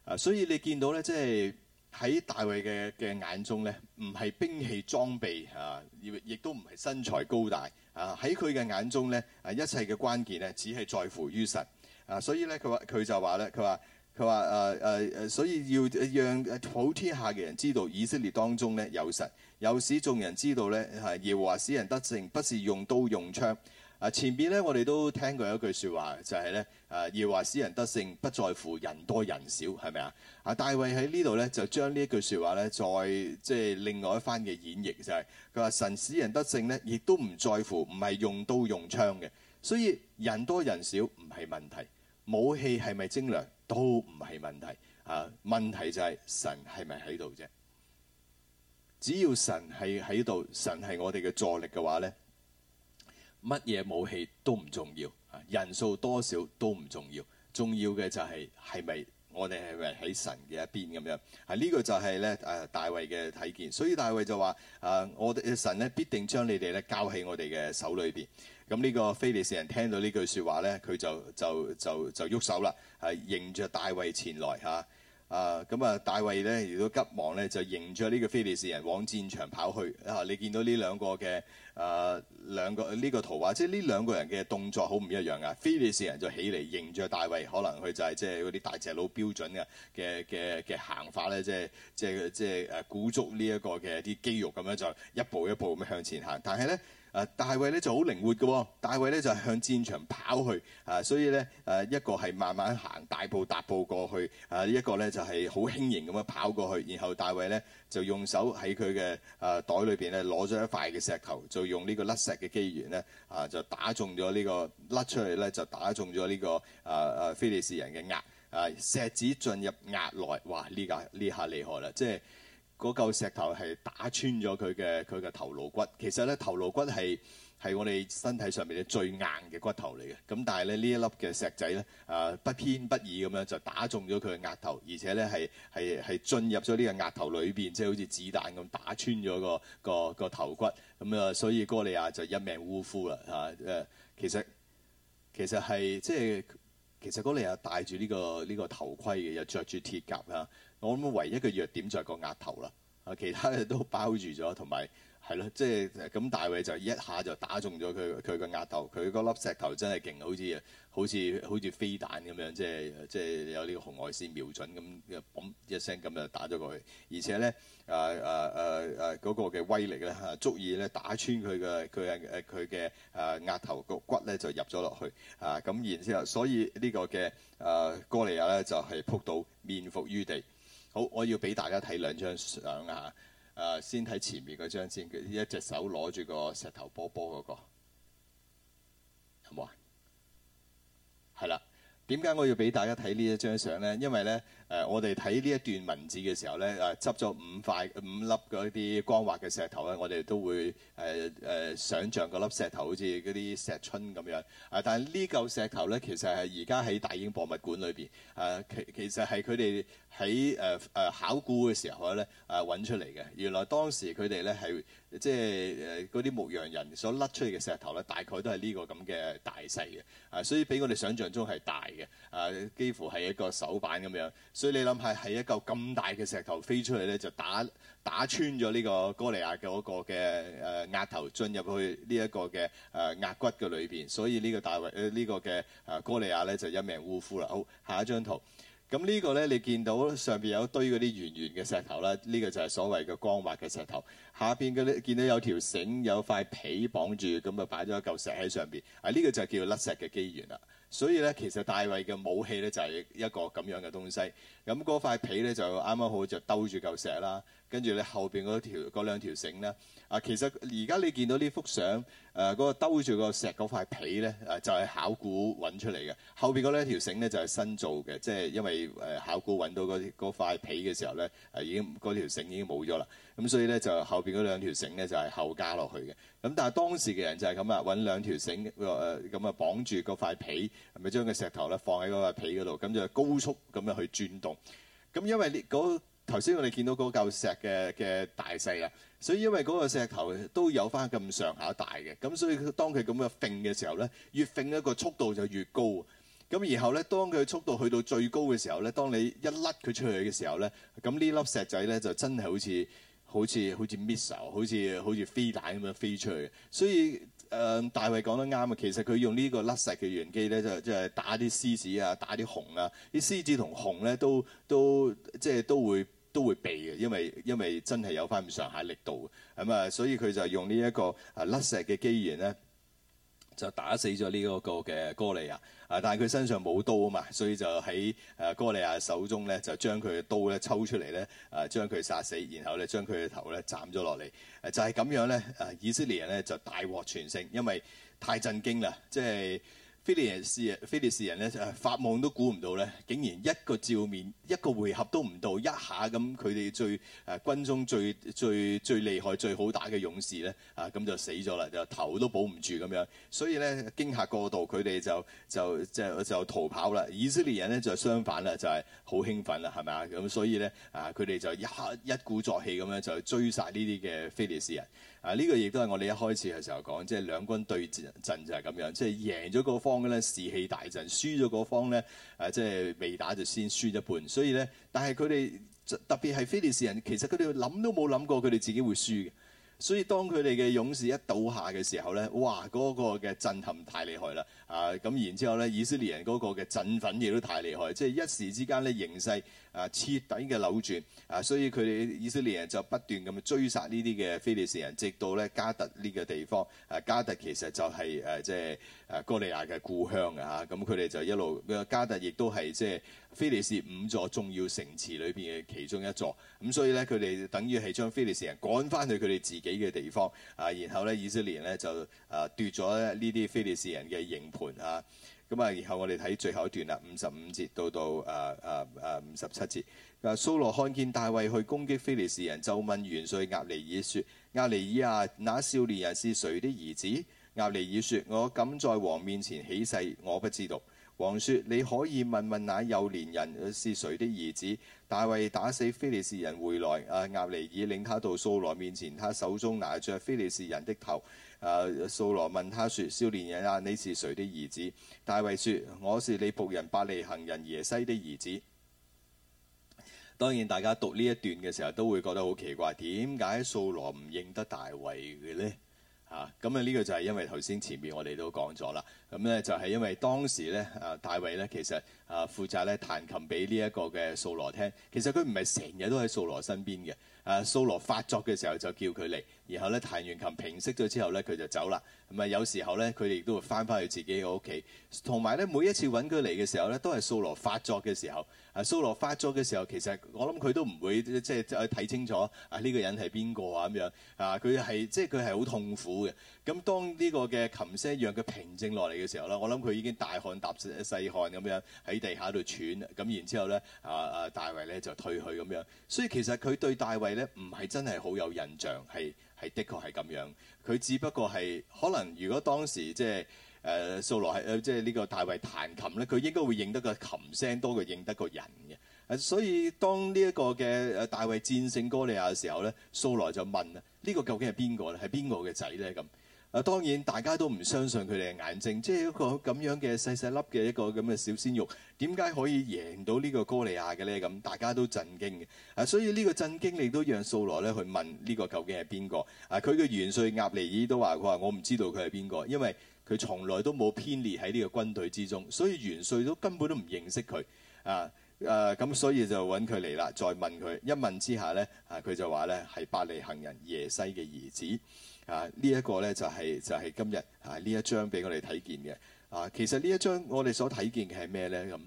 啊！所以你見到咧，即係喺大衛嘅嘅眼中咧，唔係兵器裝備啊，亦亦都唔係身材高大。啊！喺佢嘅眼中咧，啊一切嘅關鍵咧，只係在乎於神啊！所以咧，佢話佢就話咧，佢話佢話誒誒誒，所以要讓普天下嘅人知道以色列當中咧有神，又使眾人知道咧係耶和華使人得勝，不是用刀用槍。啊，前面咧，我哋都聽過一句説話，就係咧，啊，要話，使人得勝，不在乎人多人少，係咪啊？啊，大衛喺呢度咧，就將呢一句説話咧，再即係另外一番嘅演繹，就係佢話：神使人得勝呢，亦都唔在乎，唔係用刀用槍嘅，所以人多人少唔係問題，武器係咪精良都唔係問題，啊，問題就係神係咪喺度啫？只要神係喺度，神係我哋嘅助力嘅話咧。乜嘢武器都唔重要，啊，人數多少都唔重要，重要嘅就係係咪我哋係咪喺神嘅一邊咁樣？係、這、呢個就係咧誒大衛嘅睇見，所以大衛就話誒、呃、我哋嘅神咧必定將你哋咧交喺我哋嘅手裏邊。咁呢個非利士人聽到呢句説話咧，佢就就就就喐手啦，係迎著大衛前來嚇。啊啊，咁啊、呃，大衛咧，如果急忙咧，就迎着呢個非利士人往戰場跑去。啊、呃，你見到呢兩個嘅啊兩個呢、這個圖畫，即係呢兩個人嘅動作好唔一樣啊！非利士人就起嚟迎着大衛，可能佢就係、是、即係嗰啲大隻佬標準嘅嘅嘅嘅行法咧，即係即係即係誒、啊、鼓足呢一個嘅啲肌肉咁樣，就一步一步咁向前行，但係咧。誒大衛咧就好靈活嘅喎，大衛咧就，哦、就向戰場跑去，啊，所以咧誒、啊、一個係慢慢行大步踏步過去，啊，一個咧就係、是、好輕盈咁樣跑過去，然後大衛咧就用手喺佢嘅誒袋裏邊咧攞咗一塊嘅石頭，就用呢個甩石嘅機緣咧啊，就打中咗、這個、呢個甩出嚟咧，就打中咗呢、這個誒誒非利士人嘅額，啊石子進入額內，哇！呢個呢下厲害啦，即係。嗰嚿石頭係打穿咗佢嘅佢嘅頭顱骨，其實咧頭顱骨係係我哋身體上面嘅最硬嘅骨頭嚟嘅，咁但係咧呢一粒嘅石仔咧，啊、呃、不偏不倚咁樣就打中咗佢嘅額頭，而且咧係係係進入咗呢個額頭裏邊，即、就、係、是、好似子彈咁打穿咗個個個頭骨，咁、嗯、啊所以哥利亞就一命嗚呼啦嚇誒，其實其實係即係其實哥利亞戴住呢、呢個呢、呢個頭盔嘅，又着住鐵甲啊。我諗唯一嘅弱點就係個額頭啦，啊，其他嘅都包住咗，同埋係咯，即係咁大衞就一下就打中咗佢佢嘅額頭，佢個粒石頭真係勁，好似好似好似飛彈咁樣，即係即係有呢個紅外線瞄準咁，一嘣聲咁就打咗過去，而且咧誒誒誒誒嗰個嘅威力咧，足以咧打穿佢嘅佢嘅佢嘅誒額頭個骨咧就入咗落去，啊咁然之後，所以個、呃、呢個嘅誒哥利亞咧就係、是、仆倒面伏於地。好，我要俾大家睇兩張相啊！誒，先睇前面嗰張先，一隻手攞住個石頭波波嗰個，有冇啊？係啦，點解我要俾大家睇呢一張相咧？因為咧。誒、啊，我哋睇呢一段文字嘅時候咧，誒、啊，執咗五塊五粒嗰啲光滑嘅石頭咧，我哋都會誒誒、啊啊、想像嗰粒石頭好似嗰啲石春咁樣。誒、啊，但係呢嚿石頭咧，其實係而家喺大英博物館裏邊，誒、啊，其其實係佢哋喺誒誒考古嘅時候咧，誒、啊、揾出嚟嘅。原來當時佢哋咧係即係誒嗰啲牧羊人所甩出嚟嘅石頭咧，大概都係呢個咁嘅大細嘅。誒、啊，所以比我哋想像中係大嘅。誒、啊，幾乎係一個手板咁樣。所以你諗下，係一嚿咁大嘅石頭飛出嚟咧，就打打穿咗呢個哥利亞嘅嗰個嘅誒、呃、額頭，進入去呢一個嘅誒額骨嘅裏邊，所以呢個大衞呢個嘅誒、呃、哥利亞咧就一命嗚呼啦。好，下一張圖。咁呢個咧，你見到上邊有一堆嗰啲圓圓嘅石頭啦，呢、這個就係所謂嘅光滑嘅石頭。下邊啲見到有條繩有塊皮綁住，咁啊擺咗一嚿石喺上邊。啊，呢、這個就係叫做甩石嘅機緣啦。所以咧，其實大衛嘅武器咧就係一個咁樣嘅東西。咁嗰塊皮咧就啱啱好就兜住嚿石啦。跟住咧後邊嗰條嗰兩條繩咧啊，其實而家你見到呢幅相，誒嗰個兜住個石嗰塊皮咧誒就係考古揾出嚟嘅。後邊嗰兩條繩咧就係新做嘅，即係因為誒考古揾到嗰啲塊皮嘅時候咧誒已經嗰條繩已經冇咗啦。咁所以咧就後邊嗰兩條繩咧就係後加落去嘅。咁但係當時嘅人就係咁啊，揾兩條繩，誒咁啊綁住個塊皮，係咪將個石頭咧放喺嗰塊皮嗰度？咁就高速咁樣去轉動。咁因為呢頭先我哋見到嗰嚿石嘅嘅大細啊，所以因為嗰個石頭都有翻咁上下大嘅，咁所以當佢咁樣揈嘅時候咧，越揈一個速度就越高啊。咁然後咧，當佢速度去到最高嘅時候咧，當你一甩佢出去嘅時候咧，咁呢粒石仔咧就真係好似～好似好似 miss 啊，好似好似飛彈咁樣飛出去。所以誒、呃，大衛講得啱啊。其實佢用呢個甩石嘅原機咧，就即、是、係打啲獅子啊，打啲熊啊。啲獅子同熊咧都都即係都會都會避嘅，因為因為真係有翻咁上下力度嘅。咁啊，所以佢就用呢一個啊甩石嘅機緣咧。就打死咗呢個嘅哥利亞，啊！但係佢身上冇刀啊嘛，所以就喺誒、啊、哥利亞手中咧，就將佢嘅刀咧抽出嚟咧，誒將佢殺死，然後咧將佢嘅頭咧斬咗落嚟，誒就係、是、咁樣咧，誒、啊、以色列人咧就大獲全勝，因為太震驚啦，即係。菲力士人，呢，菲力士人咧，發夢都估唔到呢，竟然一個照面，一個回合都唔到，一下咁佢哋最誒、啊、軍中最最最厲害、最好打嘅勇士呢，啊咁就死咗啦，就頭都保唔住咁樣。所以呢，驚嚇過度，佢哋就就即就，就，就逃跑啦。以色列人呢，就相反啦，就係、是、好興奮啦，係咪啊？咁所以呢，啊，佢哋就一一鼓作氣咁樣就追殺呢啲嘅菲力士人。啊！呢、這個亦都係我哋一開始嘅時候講，即係兩軍對陣就係咁樣，即係贏咗嗰方嘅咧士氣大振，輸咗嗰方咧誒、啊、即係未打就先輸一半，所以咧，但係佢哋特別係非利士人，其實佢哋諗都冇諗過佢哋自己會輸嘅。所以當佢哋嘅勇士一倒下嘅時候咧，哇！嗰個嘅震撼太厲害啦啊！咁然之後咧，以色列人嗰個嘅振奮亦都太厲害，即係一時之間咧形勢啊徹底嘅扭轉啊，所以佢哋以色列人就不斷咁追殺呢啲嘅菲利士人，直到咧加特呢個地方啊。加特其實就係誒即係誒哥利亞嘅故鄉啊，咁佢哋就一路加特亦都係即係。就是菲利士五座重要城池裏邊嘅其中一座，咁所以呢，佢哋等於係將菲利士人趕翻去佢哋自己嘅地方，啊，然後呢，以色列呢就啊奪咗呢啲菲利士人嘅營盤啊，咁啊，然後我哋睇最後一段啦，五十五節到到啊啊啊五十七節，啊，掃羅看見大衛去攻擊菲利士人，就問元帥押尼珥説：押尼珥啊，那少年人是誰的兒子？押尼珥説：我敢在王面前起誓，我不知道。王説：你可以問問那幼年人是誰的兒子。大衛打死非利士人回來，阿押尼珥領他到掃羅面前，他手中拿着非利士人的頭。阿、啊、掃羅問他説：少年人啊，你是誰的兒子？大衛説：我是你僕人伯利恆人耶西的兒子。當然，大家讀呢一段嘅時候都會覺得好奇怪，點解掃羅唔認得大衛嘅呢？嚇、啊，咁啊呢個就係因為頭先前面我哋都講咗啦。咁咧、嗯、就係、是、因為當時咧，啊，大衛咧其實啊負責咧彈琴俾呢一個嘅掃羅聽，其實佢唔係成日都喺掃羅身邊嘅。啊，掃羅發作嘅時候就叫佢嚟，然後咧彈完琴平息咗之後咧佢就走啦。咁、嗯、啊有時候咧佢哋亦都會翻返去自己嘅屋企。同埋咧每一次揾佢嚟嘅時候咧都係掃羅發作嘅時候。啊，掃羅發作嘅時候其實我諗佢都唔會即係睇清楚啊呢、這個人係邊個啊咁樣啊佢係即係佢係好痛苦嘅。咁、啊、當呢個嘅琴聲讓佢平靜落嚟嘅時候啦，我諗佢已經大汗搭細汗咁樣喺地下度喘，咁然之後咧，啊啊大衛咧就退去咁樣。所以其實佢對大衛咧唔係真係好有印象，係係的確係咁樣。佢只不過係可能如果當時即係誒掃羅係即係呢個大衛彈琴咧，佢應該會認得個琴聲多過認得個人嘅。所以當呢一個嘅誒大衛戰勝哥利亞嘅時候咧，掃羅就問啊：呢個究竟係邊個咧？係邊個嘅仔咧？咁。啊，當然大家都唔相信佢哋嘅眼睛，即係一個咁樣嘅細細粒嘅一個咁嘅小鮮肉，點解可以贏到呢個哥利亞嘅呢？咁大家都震驚嘅。啊，所以呢個震驚，你都讓掃羅呢去問呢個究竟係邊個？啊，佢嘅元帥亞尼爾都話：佢話我唔知道佢係邊個，因為佢從來都冇偏離喺呢個軍隊之中，所以元帥都根本都唔認識佢。啊，誒、啊，咁所以就揾佢嚟啦，再問佢。一問之下呢，啊，佢就話呢係伯利恆人耶西嘅兒子。啊！呢、這、一個呢、就是，就係就係今日啊呢一章俾我哋睇見嘅啊。其實呢一章我哋所睇見嘅係咩呢？咁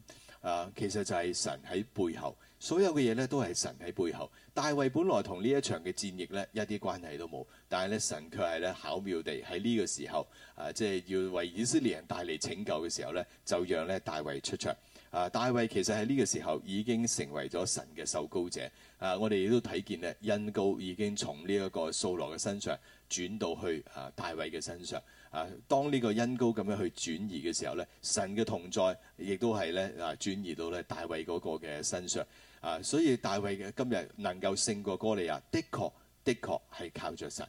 啊，其實就係神喺背後，所有嘅嘢呢都係神喺背後。大衛本來同呢一場嘅戰役呢一啲關係都冇，但係呢，神卻係呢巧妙地喺呢個時候啊，即係要為以色列人帶嚟拯救嘅時候呢，就讓呢大衛出場啊。大衛其實喺呢個時候已經成為咗神嘅受膏者啊。我哋亦都睇見呢，恩膏已經從呢一個掃羅嘅身上。轉到去啊，大衛嘅身上啊。當呢個恩膏咁樣去轉移嘅時候呢，神嘅同在亦都係咧啊，轉移到咧大衛嗰個嘅身上啊。所以大衛嘅今日能夠勝過哥利亞，的確的確係靠著神，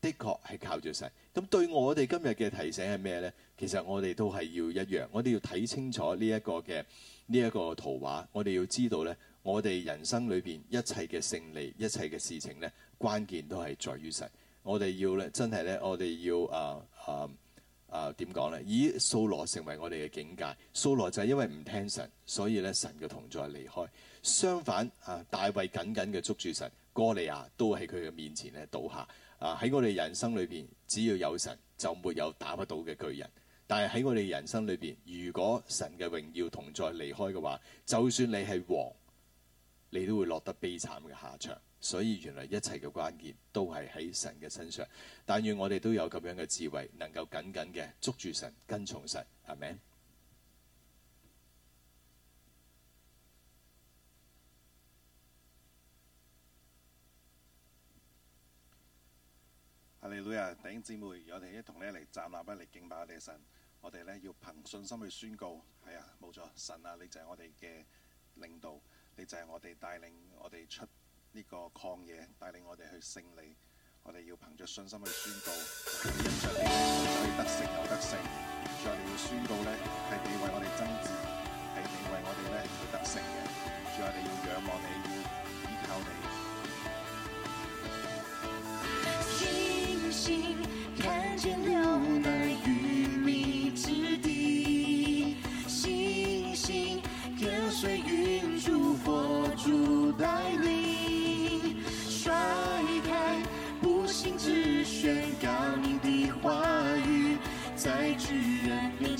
的確係靠著神。咁對我哋今日嘅提醒係咩呢？其實我哋都係要一樣，我哋要睇清楚呢一個嘅呢一個圖畫，我哋要知道呢，我哋人生裏邊一切嘅勝利、一切嘅事情呢，關鍵都係在於神。我哋要咧，真係咧，我哋要啊啊啊點講咧？以掃羅成為我哋嘅境界，掃羅就係因為唔聽神，所以咧神嘅同在離開，相反啊，大衛緊緊嘅捉住神，哥利亞都喺佢嘅面前咧倒下。啊喺我哋人生裏邊只要有神，就沒有打不倒嘅巨人。但係喺我哋人生裏邊，如果神嘅榮耀同在離開嘅話，就算你係王，你都會落得悲慘嘅下場。所以原來一切嘅關鍵都係喺神嘅身上，但願我哋都有咁樣嘅智慧，能夠緊緊嘅捉住神，跟從神，係咪？哈利路亞啊，弟兄姊妹，我哋一同咧嚟站立，咧嚟敬拜我哋嘅神。我哋呢要憑信心去宣告，係啊，冇錯，神啊，你就係我哋嘅領導，你就係我哋帶領我哋出。呢個曠野帶領我哋去勝利，我哋要憑着信心去宣佈。憑著你，我有得勝又得勝。跟著我哋要宣佈咧，係你為我哋爭戰，係你為我哋咧得勝嘅。跟著我哋要仰望你，要依靠你。星星看見流奶與蜜之地，星星跟隨雲柱火柱帶領。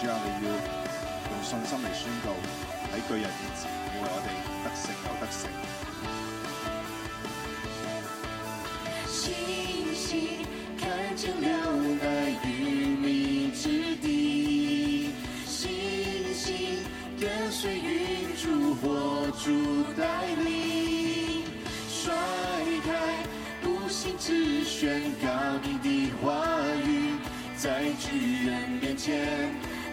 只要你要用信心嚟宣告，喺巨人面前，我哋得勝又得勝。 星星看見了那魚米之地，星星跟隨雲柱火柱來臨，甩開不幸之旋，宣告你的話語，在巨人面前。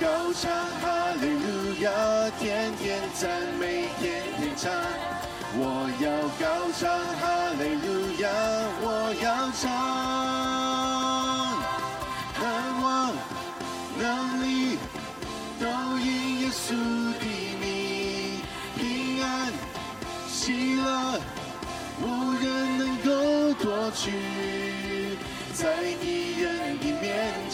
高唱哈利路亞，天天讚美，天天唱。我要高唱哈利路亞，我要唱。盼望、能 力都因耶穌的名，平安、喜樂無人能夠奪去，在你。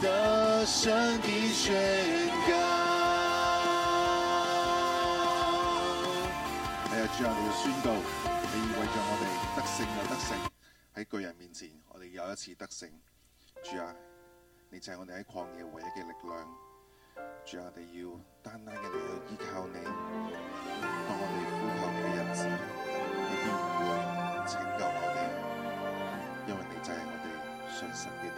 的上帝宣告，還有主啊，你的宣告，你為著我哋得勝又得勝，喺巨人面前，我哋又一次得勝，主啊，你就係我哋喺曠野唯一的力量，主我哋要單單嘅嚟去依靠你，當我哋枯渴嘅日子，你必會拯救我哋，因為你就係我哋信實嘅。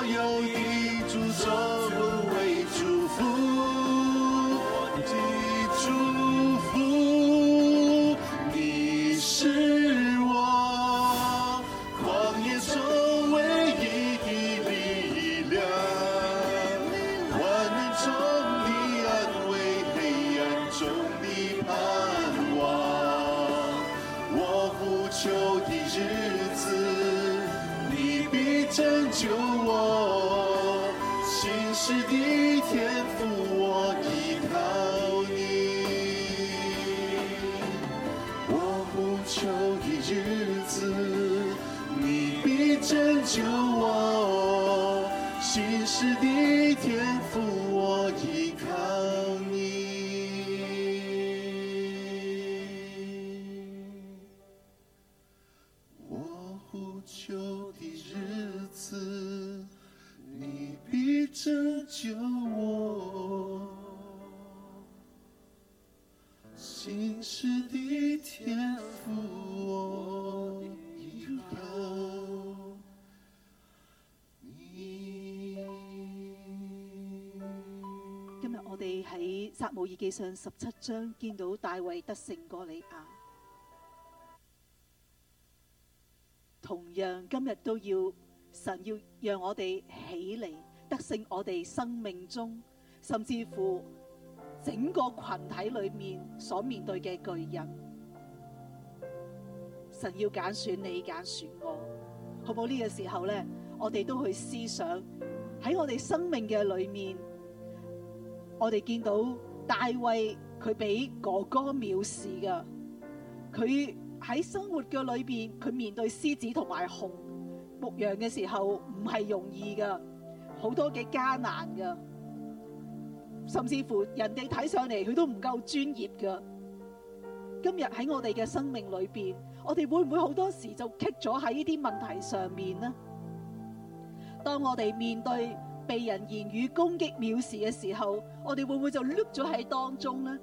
上十七章見到大衛得勝哥利亞，同樣今日都要神要讓我哋起嚟得勝我哋生命中，甚至乎整個群體裏面所面對嘅巨人，神要揀選你揀選我，好唔好？呢個時候呢，我哋都去思想喺我哋生命嘅裏面，我哋見到。大衛佢俾哥哥藐視噶，佢喺生活嘅裏邊，佢面對獅子同埋熊牧羊嘅時候，唔係容易噶，好多嘅艱難噶，甚至乎人哋睇上嚟佢都唔夠專業噶。今日喺我哋嘅生命裏邊，我哋會唔會好多時就棘咗喺呢啲問題上面呢？當我哋面對。被人言語攻擊藐視嘅時候，我哋會唔會就碌咗喺當中呢？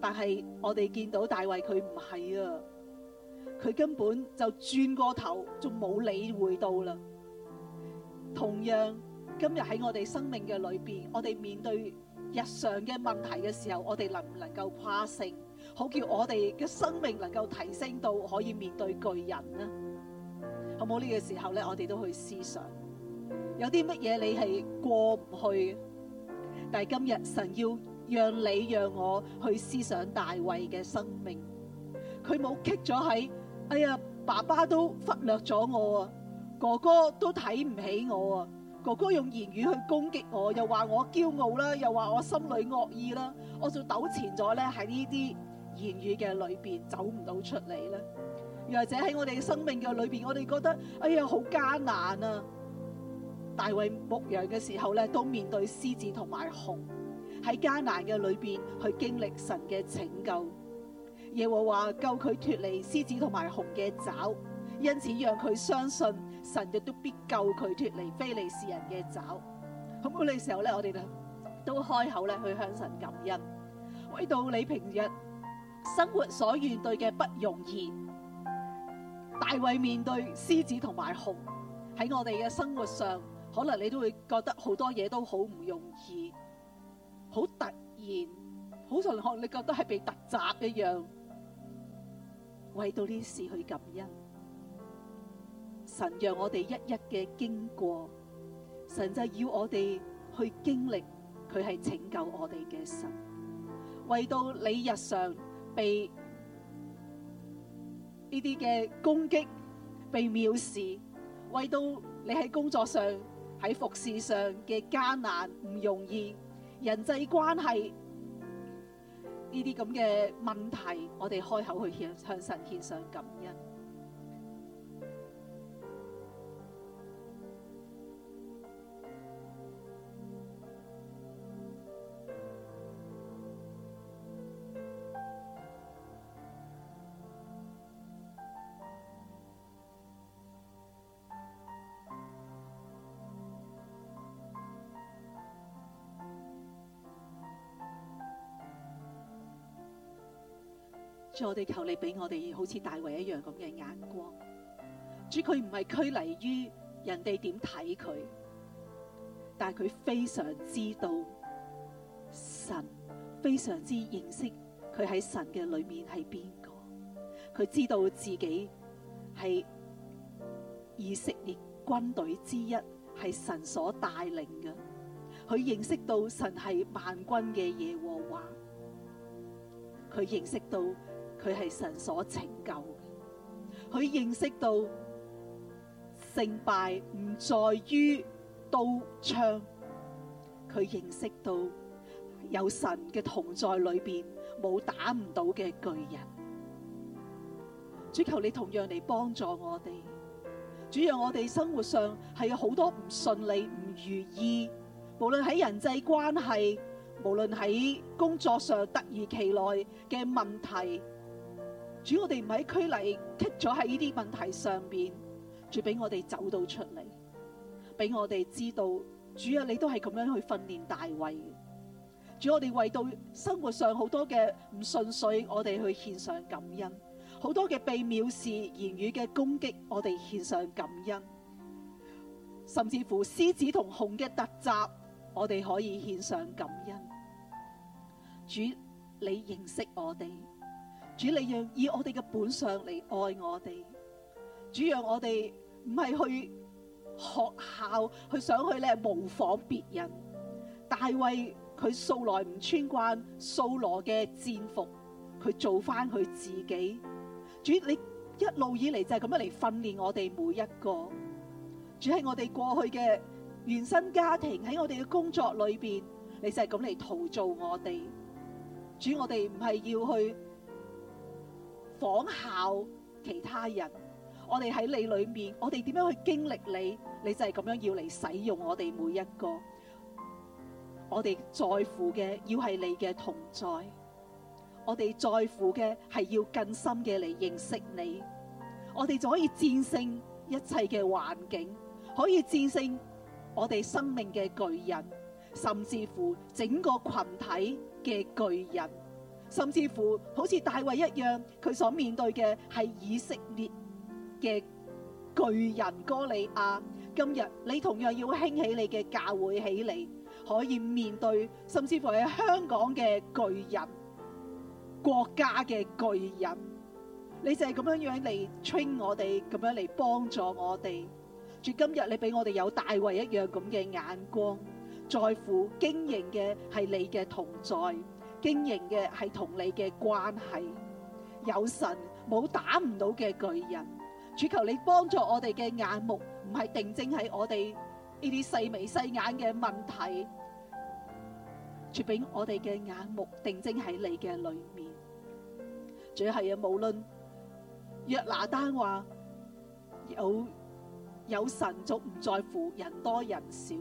但係我哋見到大衛佢唔係啊，佢根本就轉過頭，仲冇理會到啦。同樣今日喺我哋生命嘅裏邊，我哋面對日常嘅問題嘅時候，我哋能唔能夠跨勝？好叫我哋嘅生命能夠提升到可以面對巨人呢？好冇呢個時候咧，我哋都去思想。有啲乜嘢你係過唔去？但係今日神要讓你讓我去思想大衛嘅生命，佢冇棘咗喺，哎呀，爸爸都忽略咗我啊，哥哥都睇唔起我啊，哥哥用言語去攻擊我，又話我驕傲啦，又話我心裏惡意啦，我就糾纏咗咧喺呢啲言語嘅裏邊走唔到出嚟啦，又或者喺我哋嘅生命嘅裏邊，我哋覺得哎呀好艱難啊！大衛牧羊嘅時候咧，都面對獅子同埋熊喺艱難嘅裏邊去經歷神嘅拯救。耶和華救佢脫離獅子同埋熊嘅爪，因此讓佢相信神亦都必救佢脫離非利士人嘅爪。咁嗰個時候咧，我哋就都開口咧去向神感恩。為到你平日生活所面對嘅不容易，大衛面對獅子同埋熊喺我哋嘅生活上。可能你都會覺得好多嘢都好唔容易，好突然，好想學你覺得係被突襲一樣，為到呢啲事去感恩。神讓我哋一一嘅經過，神就要我哋去經歷，佢係拯救我哋嘅神。為到你日常被呢啲嘅攻擊，被藐視，為到你喺工作上。喺服侍上嘅艱難唔容易，人際關係呢啲咁嘅問題，我哋開口去向神獻上感恩。我哋求你俾我哋好似大衛一樣咁嘅眼光，主，佢唔係拘泥於人哋點睇佢，但係佢非常知道神，非常之認識佢喺神嘅裏面係邊個，佢知道自己係以色列軍隊之一，係神所帶領嘅，佢認識到神係萬軍嘅耶和華，佢認識到。佢係神所拯救，佢認識到勝敗唔在於刀槍，佢認識到有神嘅同在裏邊，冇打唔到嘅巨人。主求你同樣嚟幫助我哋，主要我哋生活上係有好多唔順利、唔如意，無論喺人際關係，無論喺工作上突如其來嘅問題。主，我哋唔喺拘泥，剔咗喺呢啲問題上邊，主俾我哋走到出嚟，俾我哋知道，主啊，你都係咁樣去訓練大衛。主，我哋為到生活上好多嘅唔順遂，我哋去獻上感恩；好多嘅被藐視言語嘅攻擊，我哋獻上感恩；甚至乎獅子同熊嘅突襲，我哋可以獻上感恩。主，你認識我哋。主，你要以我哋嘅本相嚟愛我哋。主，讓我哋唔係去學校去想去咧模仿別人，大衛佢素來唔穿慣掃羅嘅戰服，佢做翻佢自己。主，你一路以嚟就係咁樣嚟訓練我哋每一個。主，喺我哋過去嘅原生家庭，喺我哋嘅工作裏邊，你就係咁嚟陶造我哋。主，我哋唔係要去。仿效其他人，我哋喺你裏面，我哋點樣去經歷你？你就係咁樣要嚟使用我哋每一個。我哋在乎嘅要係你嘅同在，我哋在乎嘅係要更深嘅嚟認識你。我哋就可以戰勝一切嘅環境，可以戰勝我哋生命嘅巨人，甚至乎整個群體嘅巨人。甚至乎好似大衛一樣，佢所面對嘅係以色列嘅巨人歌利亞。今日你同樣要興起你嘅教會起嚟，可以面對，甚至乎係香港嘅巨人，國家嘅巨人。你就係咁樣樣嚟 train 我哋，咁樣嚟幫助我哋。在今日，你俾我哋有大衛一樣咁嘅眼光，在乎經營嘅係你嘅同在。經營嘅係同你嘅關係，有神冇打唔到嘅巨人。主求你幫助我哋嘅眼目，唔係定睛喺我哋呢啲細眉細眼嘅問題，主俾我哋嘅眼目定睛喺你嘅裏面。最係啊，無論約拿單話有，有神就唔在乎人多人少。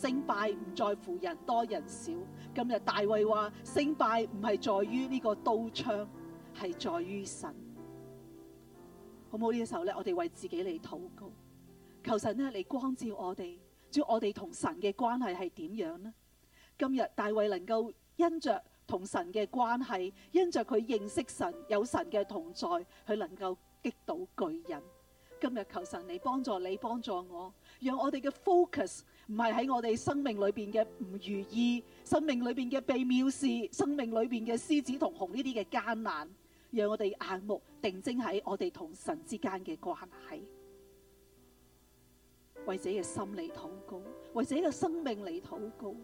勝敗唔在乎人多人少，今日大衛話勝敗唔係在於呢個刀槍，係在於神。好唔好呢？時候咧，我哋為自己嚟禱告，求神咧嚟光照我哋，照我哋同神嘅關係係點樣呢？今日大衛能夠因着同神嘅關係，因着佢認識神，有神嘅同在，佢能夠擊倒巨人。今日求神嚟幫助你，幫助我，讓我哋嘅 focus。唔係喺我哋生命裏邊嘅唔如意，生命裏邊嘅被藐視，生命裏邊嘅獅子同熊呢啲嘅艱難，讓我哋眼目定睛喺我哋同神之間嘅關係，為自己嘅心理禱告，為自己嘅生命嚟禱告。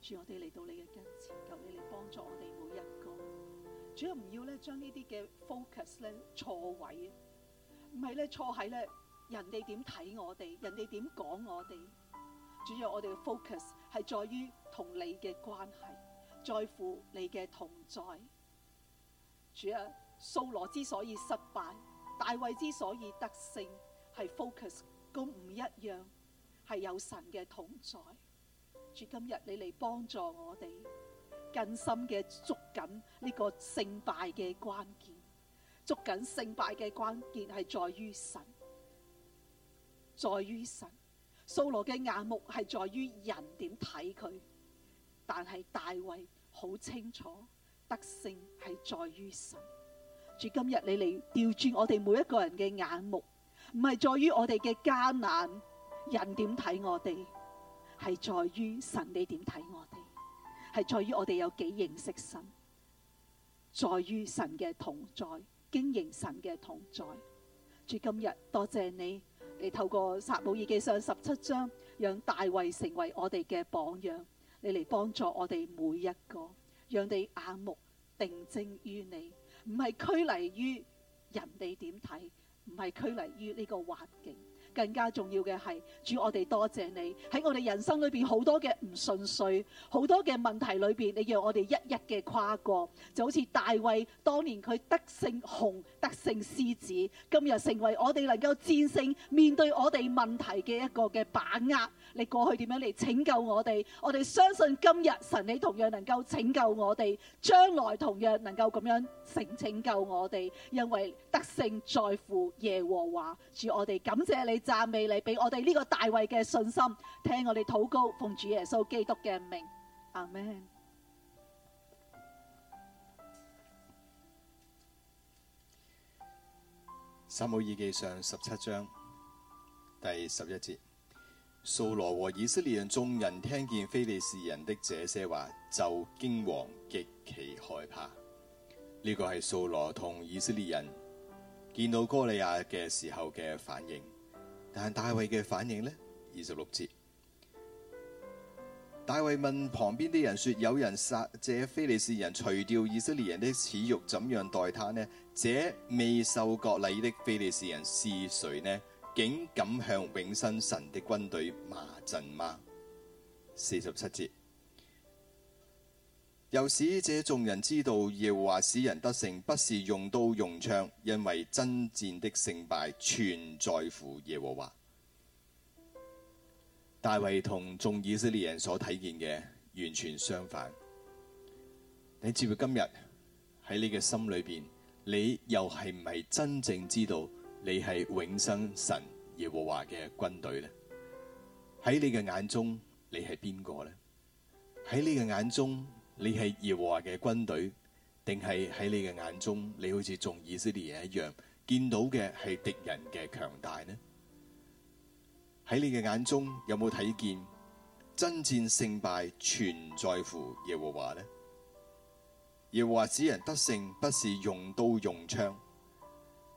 主，我哋嚟到你嘅跟前，求你嚟幫助我哋每一個。主要要，要唔要咧將呢啲嘅 focus 咧錯位。，唔係咧，錯喺咧，人哋點睇我哋，人哋點講我哋。主要我哋嘅 focus 係在於同你嘅關係，在乎你嘅同在。主啊，掃羅之所以失敗，大衛之所以得勝，係 focus 都唔一樣，係有神嘅同在。主今日你嚟幫助我哋更深嘅捉緊呢個勝敗嘅關鍵。捉緊勝敗嘅關鍵係在於神，在於神。掃羅嘅眼目係在於人點睇佢，但係大衛好清楚，得勝係在於神。主，今日你嚟調轉我哋每一個人嘅眼目，唔係在於我哋嘅艱難，人點睇我哋，係在於神你點睇我哋，係在於我哋有幾認識神，在於神嘅同在。經營神嘅同在，主今日多謝你嚟，透過撒母耳記上十七章，讓大衛成為我哋嘅榜樣，你嚟幫助我哋每一個，讓你眼目定睛於你，唔係拘泥於人哋點睇，唔係拘泥於呢個環境。更加重要嘅係，主我哋多謝你喺我哋人生裏面好多嘅唔順遂，好多嘅問題裏面。你讓我哋一一嘅跨過，就好似大衛當年佢得勝熊，得勝獅子，今日成為我哋能夠戰勝面對我哋問題嘅一個嘅把握。你過去點樣嚟拯救我哋？我哋相信今日神你同樣能夠拯救我哋，將來同樣能夠咁樣成拯救我哋。因為得勝在乎耶和華。主我哋感謝你，讚美你，俾我哋呢個大衛嘅信心。聽我哋禱告，奉主耶穌基督嘅名，阿門。撒母耳記上十七章第十一節。素羅和以色列人眾人聽見非利士人的這些話，就驚惶極其害怕。呢、這個係素羅同以色列人見到哥利亞嘅時候嘅反應。但大衛嘅反應呢？二十六節，大衛問旁邊啲人說：有人殺這非利士人，除掉以色列人的恥辱，怎樣待他呢？這未受割禮的非利士人是誰呢？竟敢向永生神的軍隊罵陣嗎？四十七節，又使這眾人知道耶和華使人得勝，不是用刀用槍，因為真戰的勝敗全在乎耶和華。大衛同眾以色列人所睇見嘅完全相反。你至到今日喺你嘅心裏邊，你又係唔係真正知道？你係永生神耶和華嘅軍隊呢？喺你嘅眼中，你係邊個呢？喺你嘅眼中，你係耶和華嘅軍隊，定係喺你嘅眼中，你好似眾以色列人一樣，見到嘅係敵人嘅強大呢？喺你嘅眼中，有冇睇見爭戰勝敗全在乎耶和華呢？耶和華使人得勝，不是用刀用槍。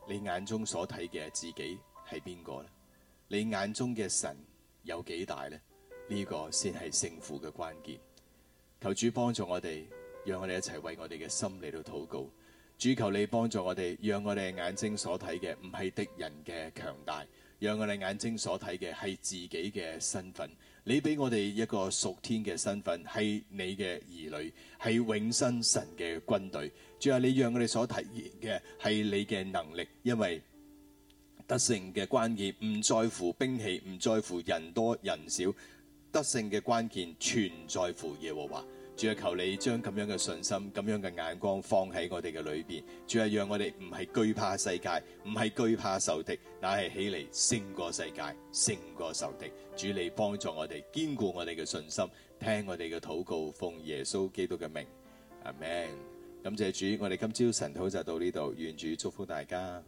你眼中所睇嘅自己係邊個咧？你眼中嘅神有幾大呢？呢、呢個先係勝負嘅關鍵。求主幫助我哋，讓我哋一齊為我哋嘅心嚟到禱告。主求你幫助我哋，讓我哋眼睛所睇嘅唔係敵人嘅強大，讓我哋眼睛所睇嘅係自己嘅身份。你俾我哋一個屬天嘅身份，係你嘅兒女，係永生神嘅軍隊。主啊，你讓我哋所體驗嘅係你嘅能力，因為得勝嘅關鍵唔在乎兵器，唔在乎人多人少，得勝嘅關鍵全在乎耶和華。主啊，求你將咁樣嘅信心，咁樣嘅眼光放喺我哋嘅裏邊，主啊，讓我哋唔係懼怕世界，唔係懼怕仇敵，乃係起嚟勝過世界，勝過仇敵。主你幫助我哋，堅固我哋嘅信心，聽我哋嘅禱告，奉耶穌基督嘅名，阿門。感謝主，我哋今朝晨禱就到呢度，願主祝福大家。